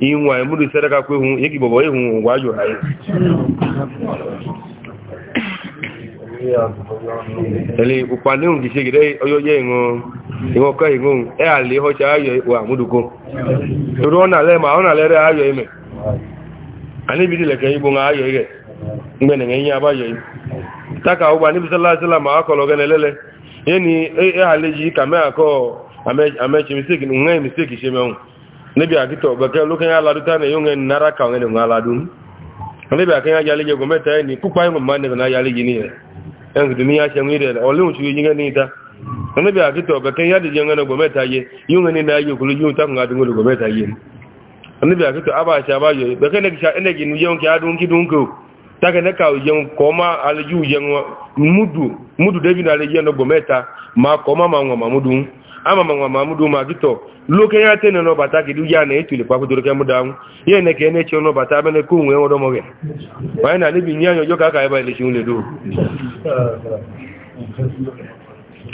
inwa emuru sereka kwehu yeki bobo yehu ngwajo hayi ele upande ungishigire oyo yengo ingo ka ingo e ali ho cha ayo wa muduko turona le ma ona lere ayo ime ani bi dile ke ibo nga ayo ige ngbene ngi nya ba yo taka uba ni sallallahu alaihi wasallam akolo gene lele e, e ali ji kame ako ame ame ngai níbi àkítọ̀ ọ̀gbẹ̀kẹ́ olókè aládútà ní yóò ń nára kàwọn ẹni aládún níbi àkíyà yálẹ́yẹ gọmẹ́ta ẹni púpá ẹ̀mọ̀ máa nẹ̀rẹ̀ yálẹ́yẹ ní ẹ̀ ẹ̀rùn ní aṣẹ́rún ìrẹ̀ ọlẹ́hùn tí yíyẹ ní ìta níbi àkítọ̀ ọ̀gbẹ̀kẹ́ yálẹ́yẹ ń gọmẹ́ta yẹ yóò ń náyẹ òkúlú yóò tákùn adún olù gọmẹ́ta yẹ níbi àkítọ̀ abáṣẹ abáyọ ìgbẹ̀kẹ́ ẹnẹ́gì ní yẹun kí adún kí dúnkò tákẹ́ nẹ́ka òyẹun kọ́ má alẹ́jú òyẹun múdù múdù david alẹ́yẹ ń gọmẹ́ta máa kọ́ má máa wọ̀n màmúdùn ama mangwa mamudu maduto loke ya tene no bata ki duja ne tuli kwa kuduru ke mudamu ye ne ke ne che no bata bene ku nwe odo moge wa na libi nyanyo joka ka eba ile shule do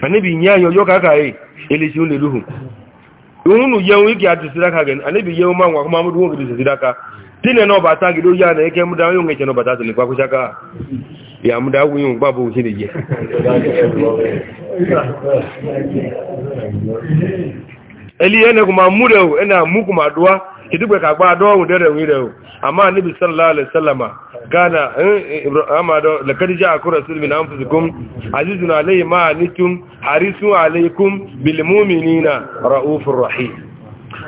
anibi nyanyo joka ka e ile shule do unu ye wi ki ati sidaka gen anibi ye mangwa kuma mudu wo ki sidaka tine no bata ki duja ne ke mudamu yo nge che no bata tuli kwa kushaka ya mu dawo yin babu shi da je eli yana kuma mu da ina mu kuma duwa ki duk ka gba duwa mu da rawi da amma annabi sallallahu alaihi wasallama kana eh, eh, amma da lakad ja'aku rasul min anfusikum azizun alayhi ma anitum harisun alaykum bil mu'minina raufur rahim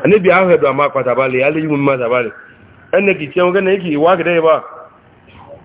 annabi ya hadu amma kwata bale ya layi mun ma tabale annaki ce mun ga ne yake wa ga dai ba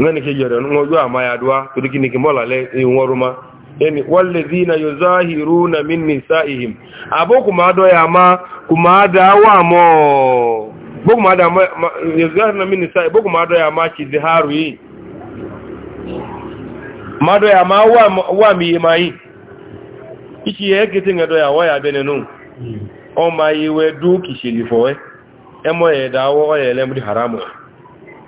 ngani ke jere ngojo amaya dua tudiki nikimbola le eh, ngoruma yani walladhina yuzahiruna min nisaihim abo kumado ya ma kumada wa mo bo kumada ma yuzahiruna min nisaihim bo kumado ya ma chi ziharu yi mado ya ma wa wa mi mai ichi ye kiti ngado ya wa ya benenu hmm. o ma yiwe du kishili fowe emo ye dawo o ye lemri haramu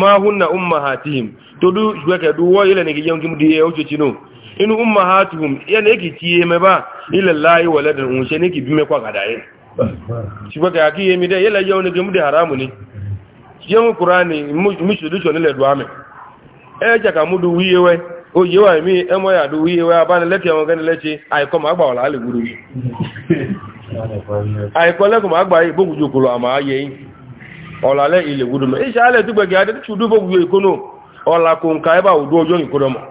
ma hunna ummahatihim to du shweke du wo ile ne gijan kim diye ojo chino inu ummahatuhum yana yake tiye me ba ila lahi waladan un she ne ki bime kwa gadaye shweke akiye mi de yela yawo ne kim de haramu ni yen qur'ani mu shudu chone le duame e jaka mudu wiyewe o yewa mi e mo ya du wiyewe abana leti awon gan leti ai ko ma wala le guru ai ko le ko ma gba ibogun ama aye yin ọ̀làlẹ́ ilẹ̀ gbódòmọ̀ iṣẹ́ alẹ́ tí gbẹ̀gẹ̀ adẹ́tùdú fòwúyọ ìkónò ọ̀là kòǹkà ẹbà òdó ọjọ́ ìkódọmọ̀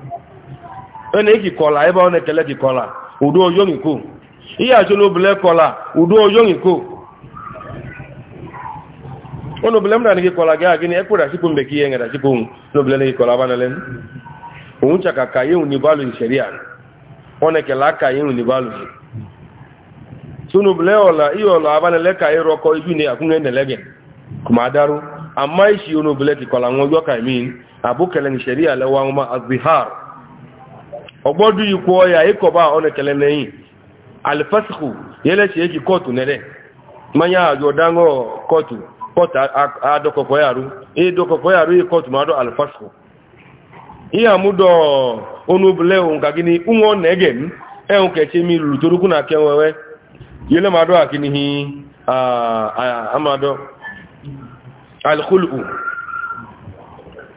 ẹni èkì kọlà ẹbà ọ̀nà kẹlẹ́ kì kọlà òdó ọjọ́ ìkó iye àṣọlóbìlẹ̀ kọlà òdó ọjọ́ ìkó wọn obìnrin mìíràn ní kí kọlà gẹ́ àgíní ẹkùn ìdásíkò ń bẹ̀ kí ẹ̀yìn ìdásíkò lóbìnrin ní kí kọlà bá nílẹ̀ òun ṣàkàkà yéhùn ní bá lóyìn ṣẹ̀ríà wọn kẹlà iye ọ̀la abánilẹ́kà ẹ̀rọ ọkọ̀ ijú ni àkúnlẹ̀ nẹ̀lẹ́gẹ̀ẹ́ kuma daru amma ishi yono buleti kwala nwa yoka imin abu kelen sheria lewa nwa azihar ogbodu ikwo ya ikoba one kelen yin alfasku yele che yiki kotu nere manya ajo dango kotu kotu adoko koyaru e doko koyaru e kotu mado alfasku iya mudo onubule unka gini unwo negen ehun keche mi lulu toruku na kenwewe yele mado akini ah a amado alkhulu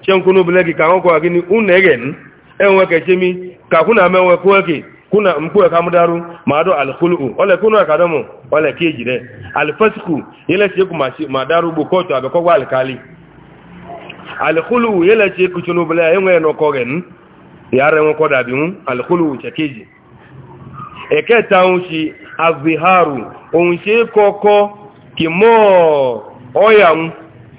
chen kunu bilegi ka ngoko agini unegen enwe ke chimi ka kuna menwe kuweke kuna mkuwe kamdaru maado alkhulu ole kunu akadomo ole kijire alfasku ile che ku madaru bu koto abe ko alkali alkhulu ile che ku chunu bile enwe no kogen yare enwe ko dabi mu alkhulu che kiji eketa unshi aziharu unshi koko kimo oyamu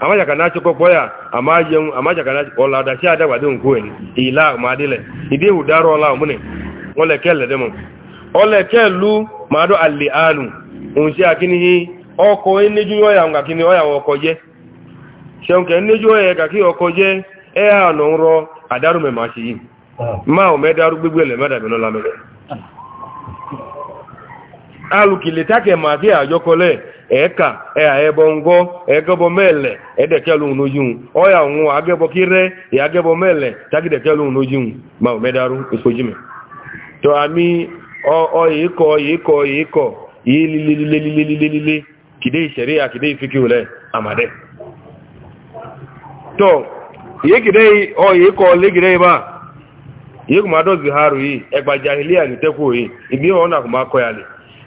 ama jaka na chukwu kpọ ya ama jen ama jaka na ọla adachi ada gbado nkwe ila ma adịle ide ewu dara ọla omune ọla kele dị m ọla ali anu onse akinihi ọkọ nneju ọya nga kini ọya ọkọ je se nke nneju ọya ka e ha nọ nrọ adaru me ma si yi ma le ma dabe la mele ah. alukile take ma ki eka ea ebo ngo egebo mele edekelu nujun oya nwu agebo kire ya agebo mele tagidekelu nujun ma omedaru isojime to ami o o iko iko iko ilililililililili kide sharia kide fiki ule amade to ye kide o iko le kide ba ye kuma do ziharu yi egba jahiliya ni teku yi ibi ona kuma koyale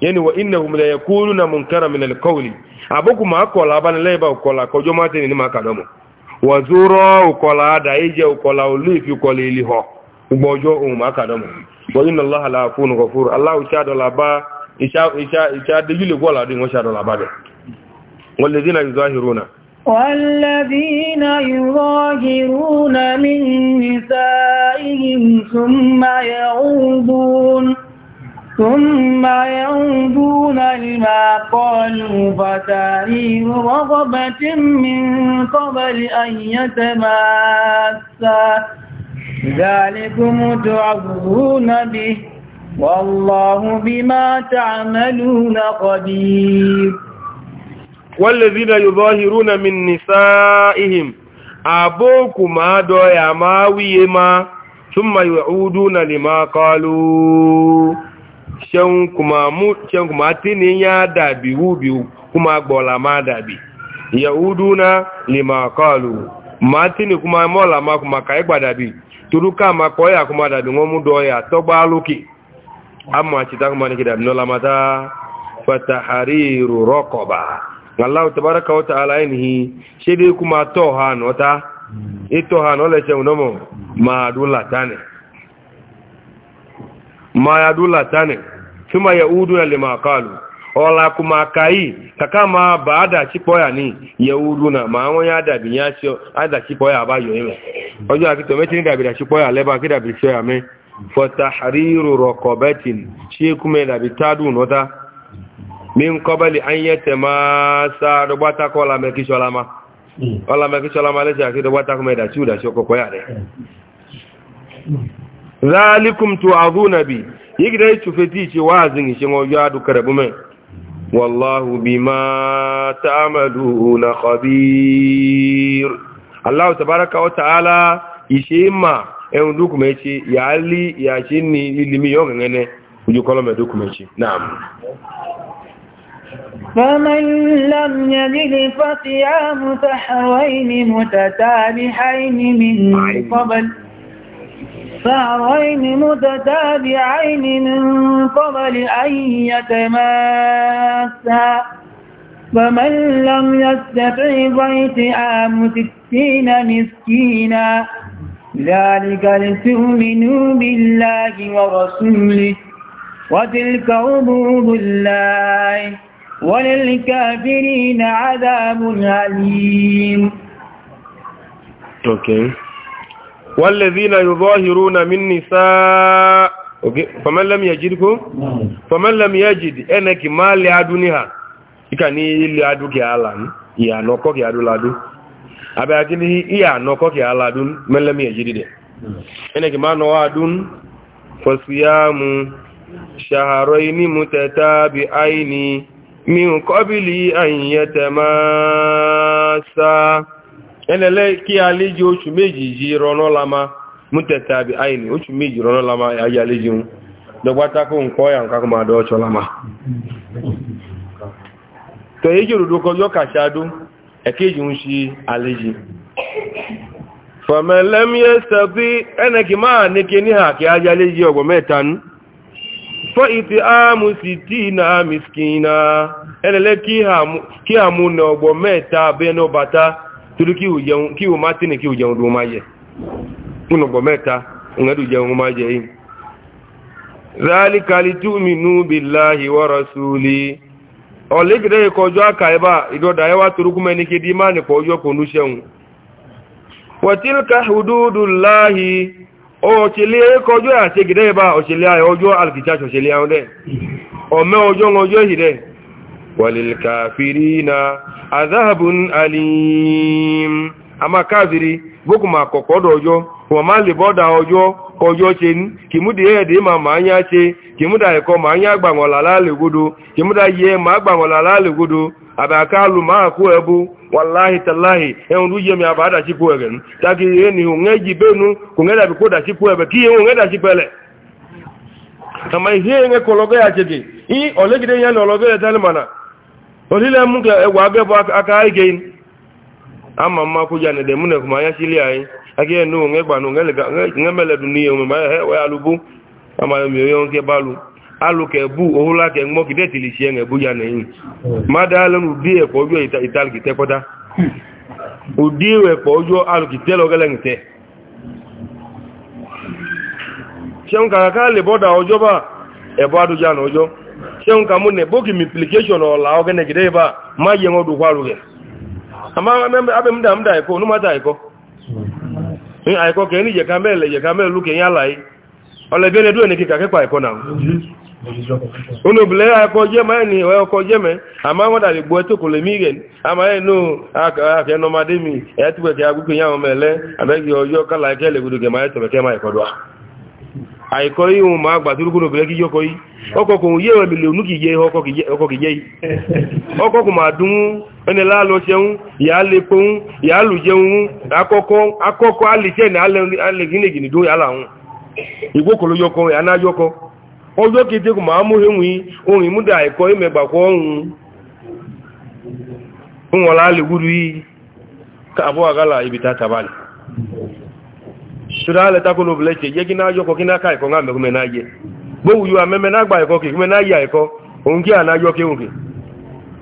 yani wa innahum la yaquluna munkara min alqawli aboku ma kola ban leba kola ko joma te ni ma kadomo wa zura kola da ije kola ulifi kola ili ho gbojo o ma kadomo wa inna allaha la yakunu ghafur allah shado la ba isha isha isha de yule gola de won shado la ba de walladhina yuzahiruna والذين يظاهرون من نسائهم ثم يعودون ثم يعودون لما قالوا فتاريخ رغبة من قبل أن يتماسا ذلكم تعبرون به والله بما تعملون قدير والذين يظاهرون من نسائهم أبوكما دويا ما ويما ثُمَّ يعودون لِمَا قالوا shan kuma mu shan kuma tini ya dabi wubi kuma gbola ma dabi yahuduna lima qalu matini kuma mola ma kuma kai gbadabi turuka ma ko ya kuma dabi won mu do ya to gba loki amma ci ta kuma ni kidabi no lamata fatahariru raqaba Allah tabaraka wa ta'ala inhi shede kuma to hanota ito hanola shaunomo ma dula tane ma ya dula tane kuma ya uduna lima kalu ọla kuma kayi kaka ma ba adachipọ ya ni ya uduna ma wọn ya dabi ya ṣe adachipọ ya abayọ ime ọjọ́ akitọ mẹ́tí ní dabi dachipọ ya lẹ́bà kí dabi ṣe ya mẹ́ fọ́tàhàrírù rọ̀kọ̀bẹ́tìn ṣe kúmẹ̀ dabi tádùn nọ́ta min kọ́bẹ̀lì anyẹ́tẹ̀ máa sáà dọ́gbátakọ́ lamẹ́kíṣọ́lama ọlamẹ́kíṣọ́lama lẹ́sẹ̀ àti dọ́gbátakọ́ mẹ́dà tí ò dà ṣe ọkọ̀ kọ́yà rẹ̀ zalikum tu'aduna bi yigdai tufeti ci wazin shi ngo yadu karabume wallahu bima ta'maluna khabir allah tabaaraka wa ta'ala ishima en dukumechi yali ya chini ilimi yongene ujukolome dukumechi naam فمن لم يجد فصيام سحرين متتابحين من قبل نهرين متتابعين من قبل أن يتماسا فمن لم يستطع فإطعام ستين مسكينا ذلك لتؤمنوا بالله ورسوله وتلك عبود الله وللكافرين عذاب أليم. Okay. والذين يظاهرون من نساء فمن لم يجدكم فمن لم يجد انك ما لادنها ikani ile adu ke alan iya noko ke adu ladu abakini iya noko ke aladun man lam yajid de enake ma no adun fasiyamu shahrayn mutatabi'aini min qabli an yatamassa enele ki ali ji oṣù méjì ji rọnà lama mútẹ̀tẹ̀ àbí àìní oṣù méjì rọnà lama ayé alé jíun dọgbátákó nǹkọ́ ya nǹkan kó máa dọ́ ọ̀ṣọ́ lama tọ́ èyí jòròdó yọ kàṣádó ẹ̀kéjì ń ṣe alé jí fọ̀mẹ̀lẹ́míyẹ sẹ́bí ẹnẹ kì máa neke ní àkí ayé alé ọgbọ̀ mẹ́ta fọ́ ìtì áàmù sí tí náà mìskínà ẹnẹlẹ́ kí àmú ọgbọ̀ mẹ́ta abẹ́nú bàtá tulu kiwu jeng kiwu mati ni kiwu jeng rumaje kuno bometa ngadu jeng rumaje yi zalika litu'minu billahi wa rasuli o legre ko jwa kaiba ido da yawa turu kuma ni ke dimani ko jwa ko nushen wa tilka hududullahi o chili e ko jwa se gide ba o chili ay o jwa alkitacho chili ay o de o me o jwa o jwa hide walilkafirina azabun alim ama kafiri boku ma kokodo ojo won ma le boda ojo ojo se ni kimude ede ma ma anya se kimuda eko ma anya gba la lale godo kimuda ye ma gba won la lale godo abakalu ma ku ebu wallahi tallahi ehun duje mi abada si ku egen taki eni ungeji benu kungeda bi koda si ku ebe ki ungeda si pele kama ihe nge ya jege i olegide ya no logo ya olile m ka egwu abịa bụ aka anyị ga-eyi ama mma kwụja na edem na ekwuma anya chili anyị aka ihe na onwe gbanụ nge meledu n'ihe omume anya bụ alụbu ama ya onye nke balụ alụ ka ebu ka mgbe gide tili chie na ebu ya na enyi mmadụ alụ na ụdị ụdị chem ka alịbọda ebe adụja na seun kamu ne boki implication o la oge ne gide ba ma ye ngodu kwalu ge ama membe abe mda mda iko nu mata iko hmm. ni aiko ke ni je kamele je kamele luke yala yi ole bele du ne ki ka ke pa iko na onu bele aiko je ma ni o ko je me ama ngoda le gbo to ko le mi ge ama e nu aka ke no mademi e tu ke agugu yan o mele abegi ojo kala ke le gudu ge ma e to ke ma iko do àìkọ́ ihun ma gbà túrúkú ní obìnrin kí yóò kọ́ yí ọkọ̀ kò yé ẹ̀mì lè onúkì yé ọkọ̀ kì yé yí ọkọ̀ kò máa dún ẹni láàlọ ṣẹun ìyá lè pohun ìyá lù jẹun akọ́kọ́ alìṣẹ́ ní alẹ́gínìgìnì dún yọkọ yìí káàbọ̀ àgálà ibi sura le takolo bleche ye gina yo ko gina kai ko ngambe kume naye bo uyu ameme na gba ko ki kume na ai ko ongi ana yo ke ongi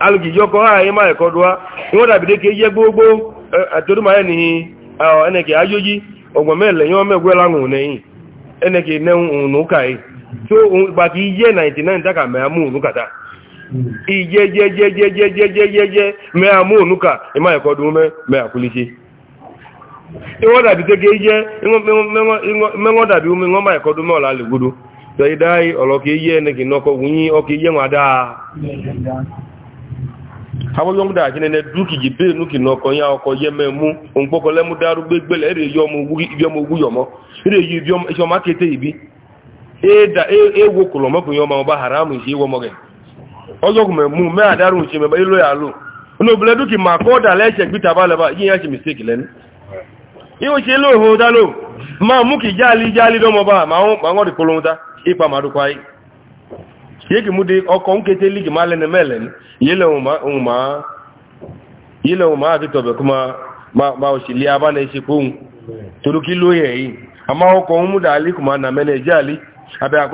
algi yo ko ai ma ko dua ngoda bide ke ye gbogbo e, atoru ma ni o eneke ayoji ogbo mele yo megwe lanwu ne yi eneke ne unu kai so ba ki ye 99 me amu unu kata me amu unu ka e ma ko du me iwọ dàbí kéke ihe mẹ́wọ́ dàbí omi ńwọ́ máa ẹ̀kọ́dún mọ́ ọ̀la lègudu sọ yìí dáì ọ̀lọ́kì iye ẹnìkì nọkọ̀ wùnyí ọkì iye wọn dáa awọ́yọ́mdà àti nẹ́nẹ́ dúkìjì bẹ́ẹ̀ nùkì nọkọ̀ yá ọkọ̀ yẹ mẹ́mú òǹkpọ̀kọ̀ lẹ́mú dárú gbégbélẹ̀ èrè yọ ọmọ ogun yọmọ́ iwe che ele ohe dalo ma mụ ka ije ala ije ma nwụ ma nwọrị kpụrụ nta ịkpa ma dụkwa ye ka m dị ọkọ nkete li ma alị na mele yele onwuma adị tọbe kuma ma osili aba na esi kpụ toro yi ama ọkọ mụ da alị na mele alị ka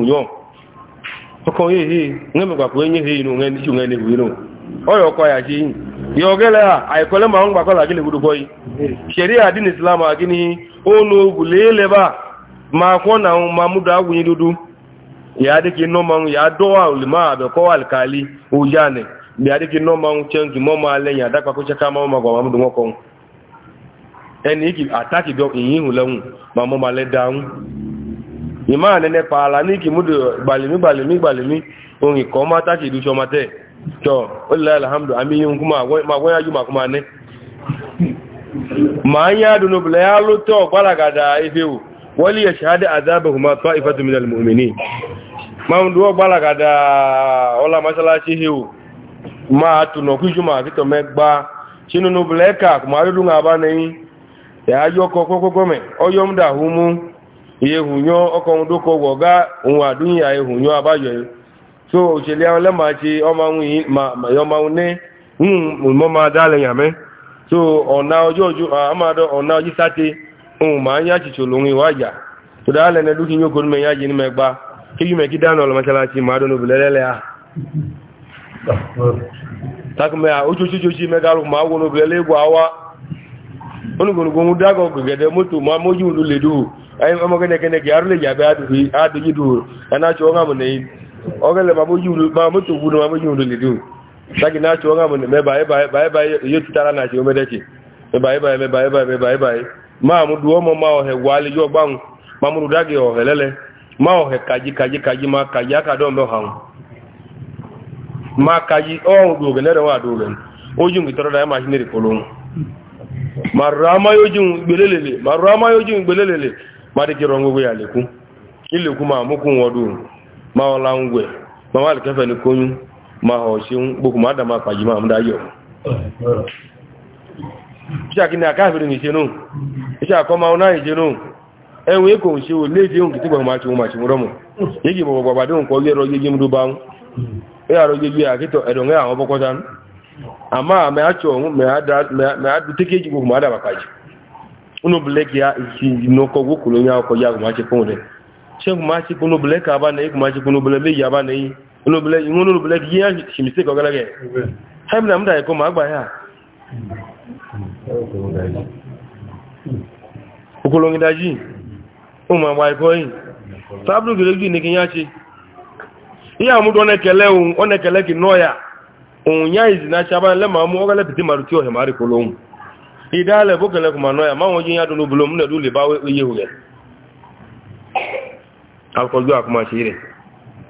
ọkọ ọkọ̀ yìí ńgbẹ̀gbàkọ̀ enye he inú ńgẹ́ níṣù ńgẹ́ níwú inú ọyọ̀ ọkọ̀ yà ṣe yìí yọ gẹ́lẹ́ à àìkọ́lẹ́ ma ń gbàkọ́lá gílẹ̀ gbogbo yìí ṣẹ̀rí àdín islam àgíní ónú gùlélẹ́bà máa kọ́ na ń ma múdà wùnyí dúdú yàádìkì nọ́mà ń yà dọ́wà olùmọ́ àbẹ̀kọ́ àlìkàlì òjánẹ̀ yàádìkì nọ́mà ń chẹ́ǹkì mọ́mà lẹ́yìn àdápakó ṣẹ́ká mọ́mà gbà mọ́mà dùnmọ́kọ́ ẹni ìkì àtàkì dọ́ ìyíhùn lẹ́hùn mọ́mà lẹ́dáhùn ìmá nẹ́nẹ́ pààlà ní kì múdù gbàlèmí gbàlèmí gbàlèmí ohun ìkọ́ máa tàṣì ìlú ṣọmọ tẹ́ tọ́ olùlá alhamdu àmì yínkú máa wọ́n yájú màkúmá ní máa ń yá dùnúbìlẹ̀ yá ló tọ́ gbálàgàdà efewu wọ́n lè ṣàádẹ́ àzábẹ̀hùmá tọ́ ìfẹ́tùmílẹ̀ mọ̀mìnì ihunyo ọkọ̀ ndókò wọ̀gá ohun àdúnyà ihunyo abáyọ̀ yìí so òṣèlú ma lẹ́màájí ọmọun ní mọ́ máa dálẹ̀ yàmẹ́ so ọ̀nà ọjọ́ ojú àmàdọ̀ ọ̀nà ojú sáté ohun máa ń yá ṣìṣò lóhun ìwájà tó dálẹ̀ ní dúkì yóò kórìmẹ̀ yájí ní mẹ́gbá kí yú mẹ́kí dáná ọlọ́mọṣáláṣí máa dọ́nà onugorogo mu dago gogede moto ma moji ulu ledu ay mo gene gene ki arle jabe adu adu yidu ana cho nga mo nei ogele ma moto ma ulu na achọ nga ba me bai bai bai bai yetu na ma mu duo ma o he wali yo gbang ma mu dagi o ma o he kaji ma aka me han ma kaji o o jungi ma marụrụ amaghị gbelelele marụrụ amaghị ojii mgbelelele ma dịkịrị ọngwụgwụ ya lekwu ilekwu ma mụkwu nwọdụ ma ọla ngwe ma ma alikefe nkonyu ma ha ọchi mkpokwu ma adama akpa ji ma mda yọ ọ kí ni àkáàfẹ́ ìrìn na náà iṣẹ́ àkọ́mà ọ̀nà ìṣẹ́ náà ẹwọ́n èkó ń ṣe ò lè jẹun kìtìgbà ọmọ àti ohun Amaa, me acho me ada me adu uno ya no ko nya ya ma che ko ne che ma che ko no aba ne ma che ko ya ba ne uno uno ya mi se ko ge na mda ko ma gba ya ukolo ngi o ma wa ko yin tablu gele gi ne ki nya che iya mu do ne kele o ne kele ki no ya onya izina chaba le ma mu ogale piti maruti o hemari kolon idale bokele kuma no ya ma won jinya dulu bulo mne dulu bawe oye huye alko gwa kuma shire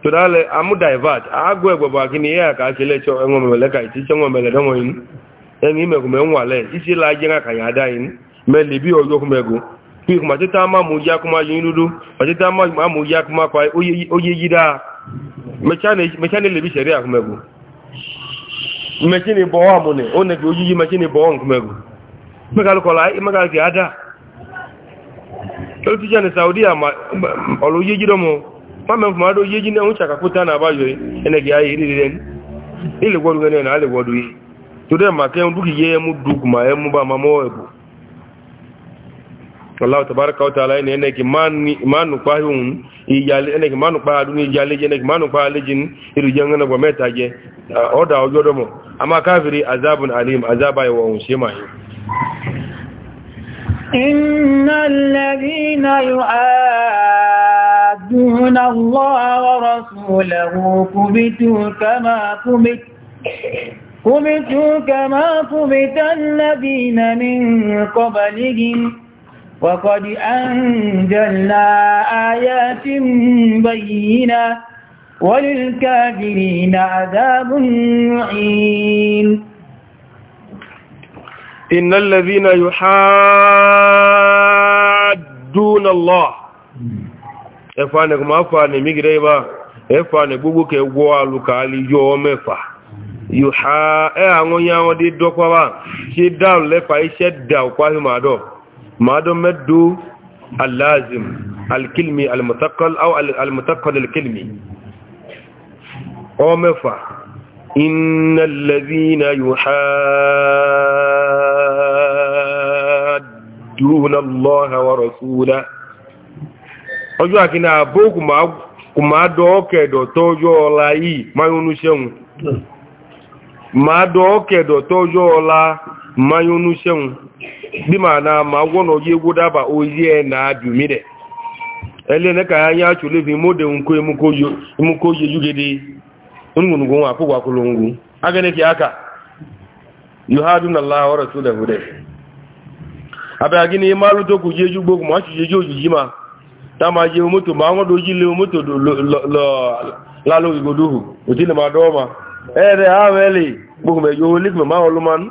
to dale amu divert agwe bụ ba kini ya ka kele cho enwo mele ka iti cho mele domo yin eni me kuma enwa le isi la je nga ya me le bi ojo kuma ego kuma tita ma mu ya kuma yin dudu ma ma mu ya kuma kwa oye oye yida mechane mechane le bi sheria kuma ego mechini bọọ amụnị ọ na-ege oyiyi mechini bọọ nkumegwu megalụkọla megalụkị ada olùtíjà ní saudi ọ̀lọ́ yíjí dọ́mọ́ mọ́mọ́ fún àádọ́ yíjí ní oúnjẹ àkàkútà náà bá yọ ẹnẹ̀gì ayé rí rẹ̀ ilẹ̀gbọ́dù ẹnẹ̀ alẹ́gbọ́dù yìí tó dẹ̀ màkẹ́ dúkìí yẹ ẹmú dùkùmà ẹmú Allah tabaraka wa ta'ala ne ne ki manu manu pahun ijale ne ki manu pa adun ijale je ne ki manu pa lejin iru je ngana go meta je uh, oda ojo domo ama kafiri azabun alim azaba ya wa shema yi إن الذين يعادون الله ورسوله كبتوا كما كبت كبتوا كما كبت الذين من قبلهم وقد أنزلنا آيات بينا وللكافرين عذاب معين إن الذين يحادون الله ẹfàánẹ̀ kò máa fàánẹ̀ mí gẹ̀rẹ́ ibá ẹfàánẹ̀ gbogbo kẹgbọ́ alùkàálì yọ mẹ́fà yóò ha ẹ àwọn yáwọn dé dọ́pàá ṣe dáun lẹ́fà iṣẹ́ dáun pàáhìmàdọ́ ما دم مد اللازم الكلمي المثقل او المثقل الكلمي او مفا ان الذين يحادون الله ورسوله ojo akina boku ma kuma do kedo tojo la yi mayunu seun ma do kedo tojo la mayunu bi mana ma agwọ na oyi egwu daba oyi e na abumire elene ka anya chulevi mode nko emukoyo emukoyo yugede ngunu gun wa kugwa kulungu agane ki aka yuhaduna allah wa rasulahu de abagini malu to ku yeju gbogu ma chu yeju ojiji ma ta ma je moto ma won doji le moto lo la lo igoduhu otile ma do ma ere aweli gbogu me yo lik ma oluman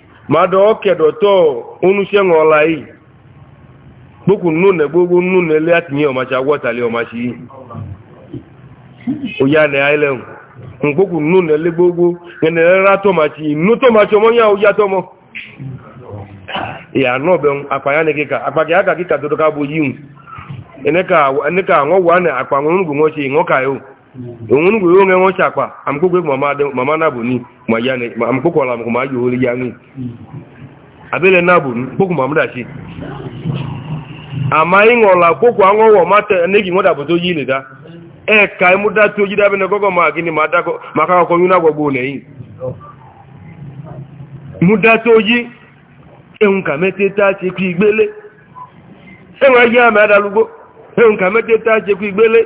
mmadụ okedoto unusienụọla iyi kpokwu nnu na egbogbo nnu na ele atinye ọmachi agwọtali ọmachi iyi ụya na ile mkpokwu nnu na ele gbogbo generera tomachi nnu tomachi ya be ya na akpa gị aka gị ka ka bụ yi ene ka wa onwere gwe onwe nwoche akpa amkpokwe mama na bụ ni ma ya na amkpokwala m ma ori ya abele na bụ mkpokwu ma mdachi ama ịṅụla kpokwu anwụwọ mata na egi nwada bodo yi leda ee ka ịmụdata oji dabe na gogo ma gịnị ma maka ka igbele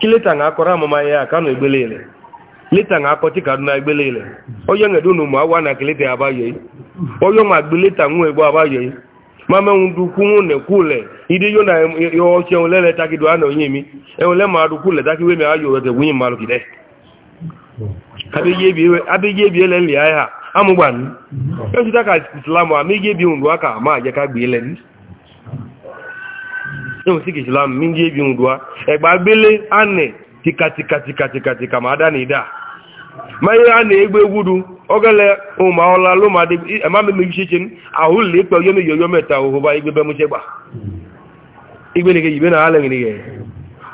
ki leta na akọrọ amụma ya ka nọ egbele ile leta na akọchi ka na egbele ile onye nwere unu ụmụ awa na keleta ya abaghị onye nwa gbe leta nwa egbo abaghị ma menwu dukwu na kwule ide yo na ya ọchị enwele leta gị dụa na onye imi enwele ma dukwu leta gị wemi ayo wete gwunye mmadụ gide abịghị ebi ele nli ahịa amụgbanụ ejita ka islam amịghị ebi nrụ aka ma aja ka gbe ile ndị ewu sigi islam mingi ebi ngudua egba gbele ane tika tika tika tika tika ma ada na ida ma a na-egbu egwudu ogele ụma ọla lụma ema mmemme gichichin ahụlụ ikpe oyome yi oyome ta ụhụba igbebe mụchegba igbe na ibe na ala ngiri ihe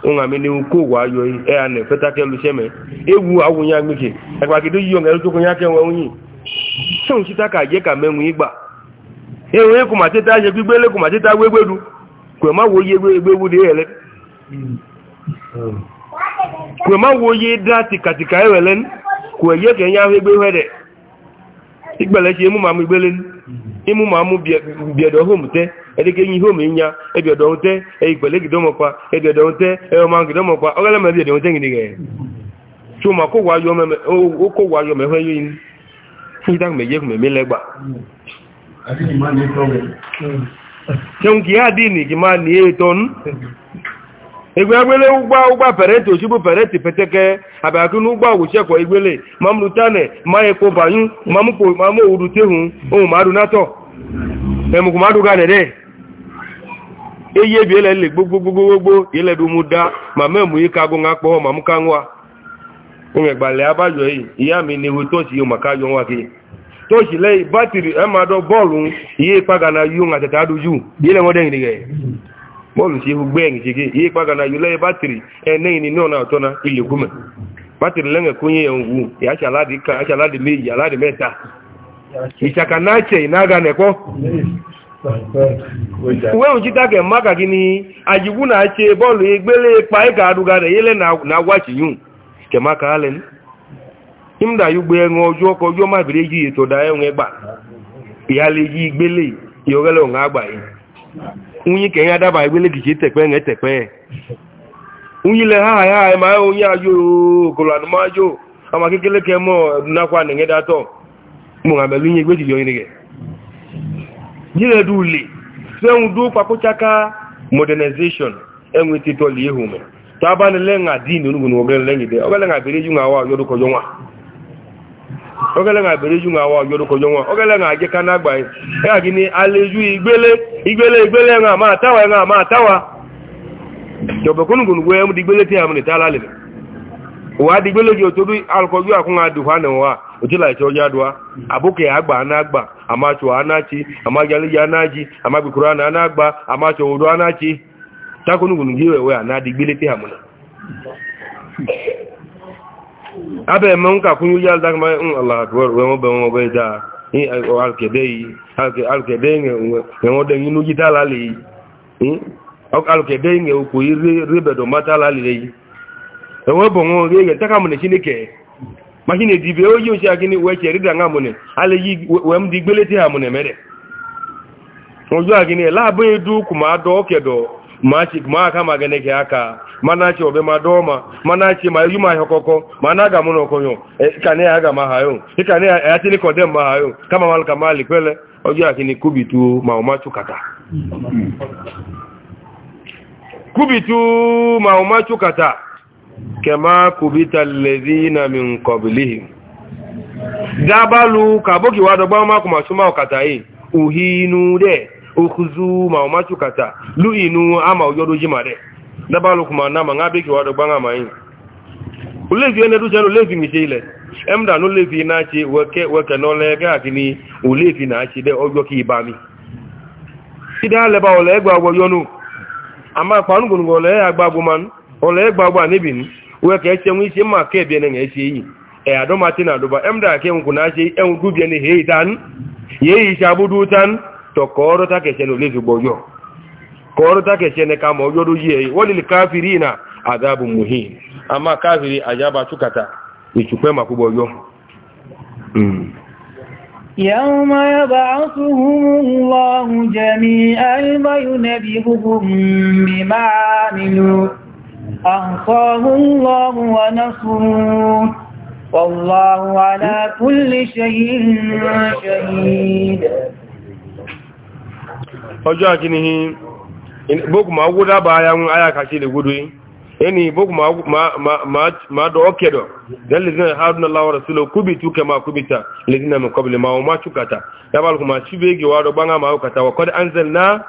ụnwa mene a na-ekweta kelu cheme ka ka agwa kwema wo ye gbegbe wu de ele kwema wo ye da tikatika ewele kwe ye ke nya egbe wede igbele che mu ma mu igbele imu ma mu biedo home te edike yin home nya ebiedo te e igbele gido mo pa e o e ma gido mo pa ogele me biedo ge chuma ko wa yo me o ko wa yo me ho yin dang me ye me me legba chenkwu ya dini gị ma ni eton eto agbele ụgba ụgba pereti ochigbo pereti peteke abịakụ n'ụgba agwụchekwa egbele ma m rutane ma ekwo banyu ma mụ e e e kpo ma m owurutehu ụmụmadụ eyi ma memu yi ka gunga kpọ ma m ka nwa gbalị hu yi maka nwa toshi lei batiri emado eh, bolu iye paga na yu nga tata aduju bile ngode ngi ge bolu si hu gbe ngi ge iye paga na yu lei batiri ene eh, ni no na otona ile kume batiri lenge kunye yangu ya chaladi ka chaladi mi ya ladi meta ichaka nache inaga neko uwe ojita ke maka gini ajibu na bolu igbele pa e ga aduga re na na wachi yun ke maka alen imda yugbe ẹran ọjọ́ ọkọ̀ ọjọ́ má bèèrè yìí ètò ọ̀dá ẹ̀rùn ẹgbà ìyálé yìí gbélé ìyọ̀rẹ́lẹ̀ ọ̀hún àgbà yìí oyin kẹ̀yìn adába ìgbélé kìí tẹ̀pẹ́ ẹ̀ tẹ̀pẹ́ ẹ̀ oyin lẹ̀ háà háà ẹ̀ máa oyin ayó òkòlò àdúmọ́ ayó ọmọ kékeré kẹ mọ́ ọdúnnákọ́ ànìyàn dátọ̀ mo rà ogele na abereju nwa awa ọjọrọkọ jọ nwa ogele na agị ka na agbaghị ya gị ni aleju igbele igbele igbele na ama atawa na ama atawa jọbọkọnugunugwe m digbele ti ya m nita alalili wa digbele ji otobi alkọju akwụ na adụwa na nwa ojila iche onye adụwa abụka ya agba na agba ama chụwa anachi ama gịaliji anaji ama gbikwuru ana ana agba ama chọwụdo anachi takonugunugi wewe na adigbele ti ya m a mọ́ ń kàkún yóò yá dákàmá ń aláàkùwẹ́ wọ́n bẹ̀ wọ́n bẹ̀ dáa ní alùkẹ̀dẹ́ yìí alùkẹ̀dẹ́ ẹ̀wọ̀n dẹ̀ yínú yí dáa lálẹ́ yìí alùkẹ̀dẹ́ yìí kò yí rébẹ̀dọ̀ má dáa lálẹ́ yìí ẹ̀wọ̀n bọ̀ rí ẹ̀yẹ kẹ̀ máṣínì ìdìbẹ̀ ó yíò ṣe akíní alẹ́ yìí di gbélé tí mẹ́rẹ̀ aka mana ce obe madoma, doma mana ce ma yuma hokoko mana ga mun okonyo e kane ya ga ma hayo e kodem ma kama mal kamali kwele ojo akini kubitu ma kata kubitu ma kata kema kubita alladhina min qablihim dabalu kaboki wadogba ma kuma suma okata yi uhinu de okuzu ma kata luinu ama ojodoji ma de nabalu kuma na ma ngabe ki wado gbanga mai ulevi ene du jalo levi mi jile emda no levi na chi weke weke no le ga kini ulevi na chi de ogbo ki ba mi ida le ba ole gba gbo yonu ama pa nu gun go le agba gbo man ole gba gbo ni bin weke che mu isi ma ke bi ne nge chi yi e ado ma na do ba emda ke nku na chi en du bi ne he dan ye yi shabudu tan to ko ro ta ke che levi gbo yo kọrọ take ce ne kama yoru yi walil kafirina azabun muhin amma kafiri ajaba tukata ichukwe makuboyo mm. يوم يبعثهم الله جميعا وينبئهم بما عملوا الله ونصروه والله على كل شيء شهيد ọjọ́ àkínihìn boku ma wuda bayan aya kashe da gudu yani boku ma ma ma do okedo dal lizina haruna allah wa rasuluhu kubitu kama kubita lizina min qabli ma ma chukata dabal kuma chibege wa do banga ma ukata wa qad anzalna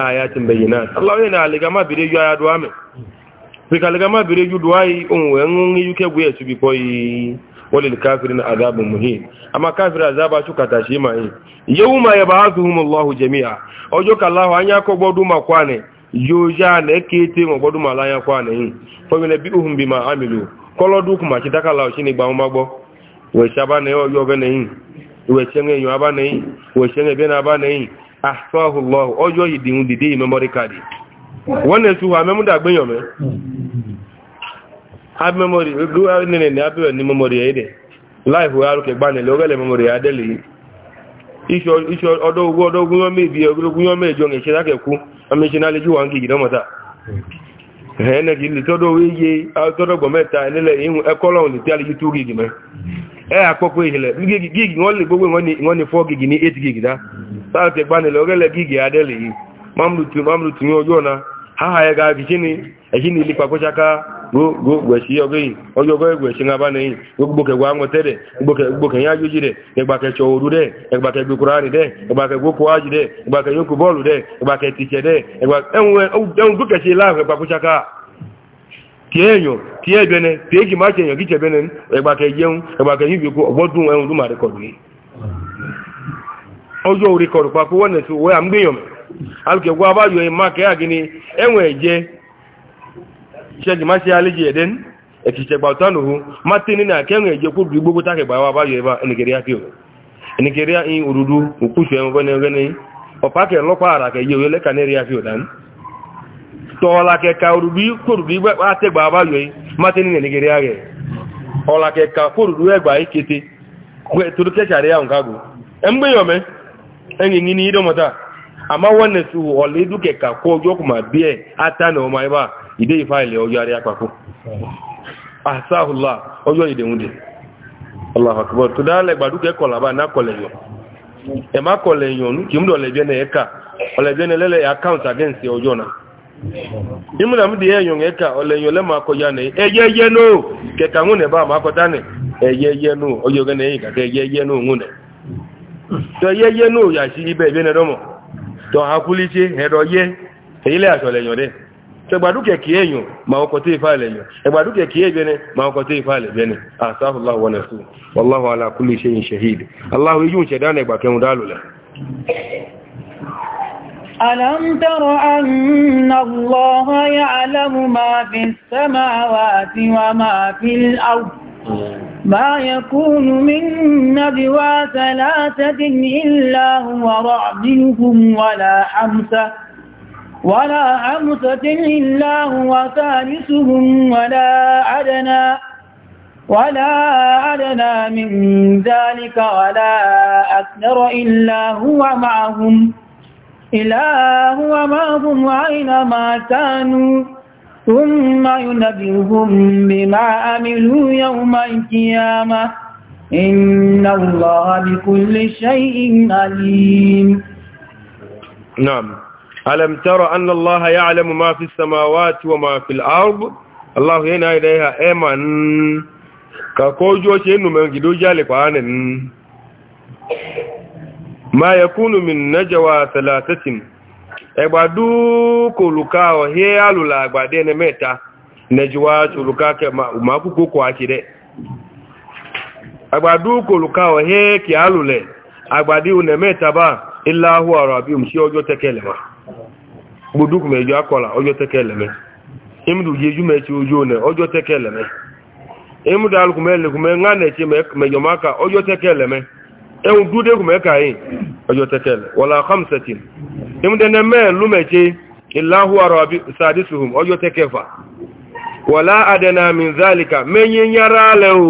ayatin bayyinat allah yana aligama bire yu aya do ame fikaliga ma bire yu do ayi onwe ngi yuke buye chubi koyi walil kafirin azabun muhin amma kafir azaba chukata shi ma yi yawma yab'athuhum Allahu jami'a ojo kallahu anya ko bodu makwane yoja na kete mo bodu malanya kwane fa min bi'uhum bima amilu kolodu kuma kitaka lawo shini gba mo magbo we shaba ne yo ga ne we chenge yo aba ne we chenge be na aba ne ahfahu Allah ojo yidin dide memory card wona su ha memu da gbeyan me have memori go out nene ni abi ni memory ede life wa ruke gba nele ogele memory ade le iso iso odo ogun odo ogun yo mebi ogun yo mejo nge sira ke ku ami le ju wan gi he na gi le todo we ye a todo taa. meta nile e ni ti ale me e ogele gi ade le mamlu tu mamlu tu yo jona ha ha ya ga gigi ni e ni ko chaka gwechi ogoyi onye ogoyi gwechi ngaba na enyi gbogboke gwa nweta de gbogboke ya juji de igbake e chọ oru de igbake e gbukurani de igbake e gwokuwaji de igbake bọọlụ de igbake tiche de enwegbokechi ahụ tie enyo macha enyo a enwe ṣẹ́gi má ṣe alẹ́jì ẹ̀dẹ́n ẹ̀kìṣẹ̀gbà ọ̀tánùhù má tẹ́ nínú àkẹ́rùn ẹ̀jẹ̀ kó bí gbogbo tákẹ̀gbà wà báyọ̀ ẹ̀bá ẹnìkẹ̀rẹ́ àfihàn ẹnìkẹ̀rẹ́ in òdúdú òkúṣù ẹ̀wọ̀n fẹ́ni ọ̀pákẹ̀ lọ́pàá àràkẹ̀ yẹ oyẹlẹ́kà ní ẹ̀rẹ́ àfihàn dání tọ́ọ̀làkẹ̀ka òdúdú kòrùdú àtẹ̀gbà báyọ̀ má tẹ́ nínú ola rẹ̀ ọ̀làkẹ̀ka kòrùdú ẹgbà ìkété torí kẹ́kẹ̀rẹ́ àwọn kágo ẹ̀ a àmá wọ́n kó ọjọ́ kùmà bí ẹ̀ ọmọ ìdé ìfáìlẹ̀ ọjọ́ àrí àpapọ̀ àṣáhùlá ọjọ́ ìdẹ̀wùndẹ̀ aláhàkùbọ̀ tó dálẹ̀ gbàdúkẹ́ kọlàbà náà kọlẹ̀yàn ẹ má kọlẹ̀yàn kì mú ọlẹ̀bíẹ́nẹ̀ ẹ̀ka ọlẹ̀bíẹ́nẹ̀ lẹ́lẹ̀ account against ọjọ́ náà ìmúdàmúdì ẹ̀yàn ẹ̀ka ọlẹ̀yàn lẹ́mọ̀ akọjá náà ẹyẹyẹ náà kẹka ń nẹ̀ bá àmà akọjá ẹgbàdúkẹ̀ kí èyàn ma ọkọ̀ tí ìfà ilẹ̀ yàn ẹgbàdúkẹ̀ kí èbẹ̀ni ma ọkọ̀ tí ìfà ilẹ̀ bẹ̀ni àsáhùláwọ̀ wọn ẹ̀sùn wọláwọ̀ alákùnlé ṣe ìṣẹ̀hìdì aláwọ̀ yíò ṣẹ̀dá ẹgbàkẹrún dálòlẹ̀ ألم تر أن الله يعلم ما في السماوات وما في الأرض ما يكون من نبوى ثلاثة إلا هو رعبهم ولا أمسة إلا هو ثالثهم ولا أدنى ولا أدنى من ذلك ولا أكثر إلا هو معهم إلا هو معهم أينما كانوا ثم ينبئهم بما عملوا يوم القيامة إن الله بكل شيء عليم نعم alam tara anna allaha ya'lamu ma fi samawati wa ma fil ard allah yana idaiha eman ka kojo se nu men gido jale pa nan ma yakunu min najwa thalathatin egbadu koluka o he alula agbade ne meta najwa tuluka ke ma kuko ko akire agbadu koluka o he ki alule agbadi une meta ba illa huwa rabbim si ojo tekele ma gboduk mẹjọ akọla ọjọ́ tẹ́kẹ́ lẹ́mẹ́ imudu yeju mẹ́tsi ojú ọ̀nà ọjọ́ tẹ́kẹ́ lẹ́mẹ́ imudu alukumẹ lẹkumẹ ŋanẹtsi mẹjọ maka ọjọ́ tẹ́kẹ́ lẹ́mẹ́ ẹ̀hún dúdé kumẹ kàyé ọjọ́ tẹ́kẹ́ lẹ́ wọlé akamsẹ̀tì imudu ẹnẹ mẹ́ẹ̀ lumẹtsi ilahu arabi sadi suhum ọjọ́ tẹ́kẹ́ fa wọlé adẹnami zalika mẹ́nyi nyara lẹ́ o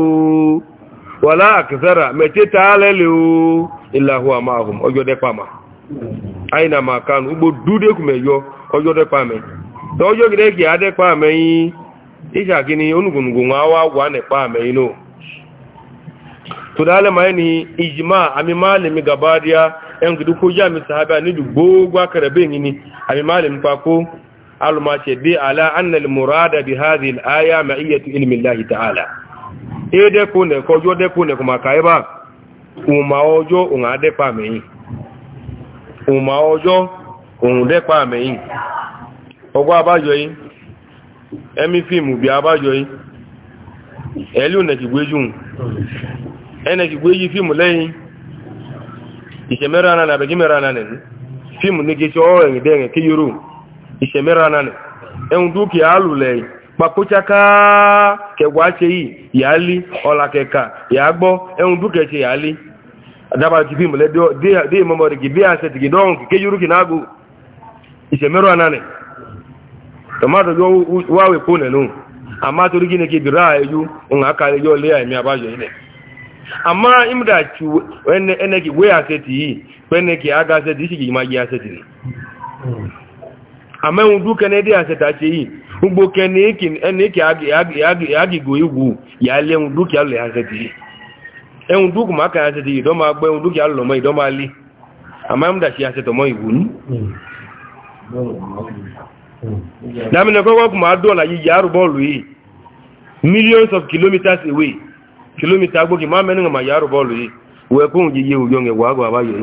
wọlé akisẹ́ra mẹ́tẹ́ tààlẹ́ lẹ́ o ilahu amahum ọjọ́ dẹ́kpama. anyị na maka na ugbo dudekwumeyo ọjọọ dịkpame ta ọjọọ gide gị adịkpa ameghị ịja gịnị onugwunugwu nwa awa agwụ a na-ekpa ameghị no tụdala ma ni ijima amimalimi gabadia ẹnkìdúkó ya mi sàábà nídù gbogbo akẹrẹbẹ ìyìnì amimalimi pàkó alùmọ̀ṣẹ̀ dé àlá annal murada bi hazi al'aya ma iya tu ilmi lahi ta'ala e dẹ́kọ́ nẹ̀kọ́ yóò dẹ́kọ́ nẹ̀kọ́ maka ẹba e ọmọ ọjọ́ òun adẹ́pàmẹ́yìn òmà ọjọ́ òun dẹ́pà àmẹ́yìn ọgbọ́ abájọ yìí ẹmí fíìmù bí abájọ yìí ẹ̀lú nẹ̀kìgbéjú ẹnẹ̀kìgbéjú fíìmù lẹ́yìn ìṣẹ̀mẹ́rẹ́ ananà àbẹ̀gímẹ́rẹ́ ananà fíìmù ní kí ṣọ́ dẹ́rẹ̀ kí adaba kifi mule di mamori ki biya se tigi don ke yuru ki nagu ise mero anane tomato yo wawe kune nu Ama to rigi ne ki bira yu un aka yo le ya mi abajo ile amma imda chu ene ene ki we ase ti pene ki aga se ti ki magi ase ti Ama un du kene di ase ta yi ugbo kene ki ene ki agi agi agi agi go igwu ya le un du ki ale ase ti ẹun dúkù máa ma tẹ́tẹ́ ìdọ́mà gbẹ́ ẹun dúkù alùlọ́mọ́ ìdọ́mà lé àmá ń dàṣí àṣẹtọ̀mọ́ ìwò ní dámínà kọ́kọ́ máa dọ́ọ̀lá yìí yàrù bọ́ọ̀lù yìí millions of kilometers away kilometer agbókè máa mẹ́rin ọmọ yàrù bọ́ọ̀lù yìí wẹ́kùn yíyẹ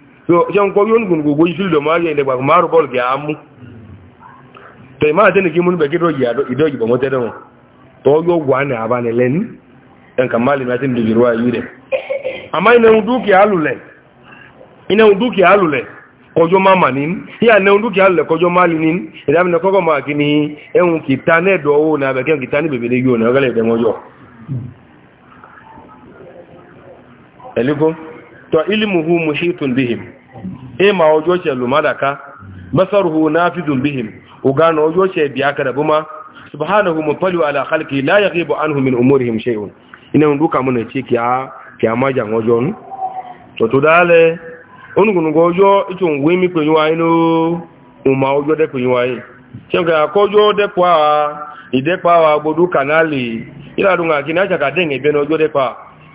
so yan ko yon gun gogo yi fildo ma yende ba maru bol ga amu te ma de ni ki mun be gido ya ido ba mote don to yo gwa na aba ne len en kamali na tin digiro ya ne unduki alule kojo mali nin koko ma kini ehun kitane do na be ken kitani na gale de mojo to ilmuhu muhitun bihim e ma ojo ce lumadaka basaruhu nafidun bihim ugano ojo ce biya ka da buma subhanahu mutali ala khalqi la yaghibu anhu min umurihim shay'un ina nduka mun ce kiya kiya majan ojo nu to to dale onugun gojo ito nwe mi pe yiwa ino uma ojo de pe yiwa yi chenga kojo de kwa ide pa wa gbodu kanali ila dunga kinacha ka denge be ojo de pa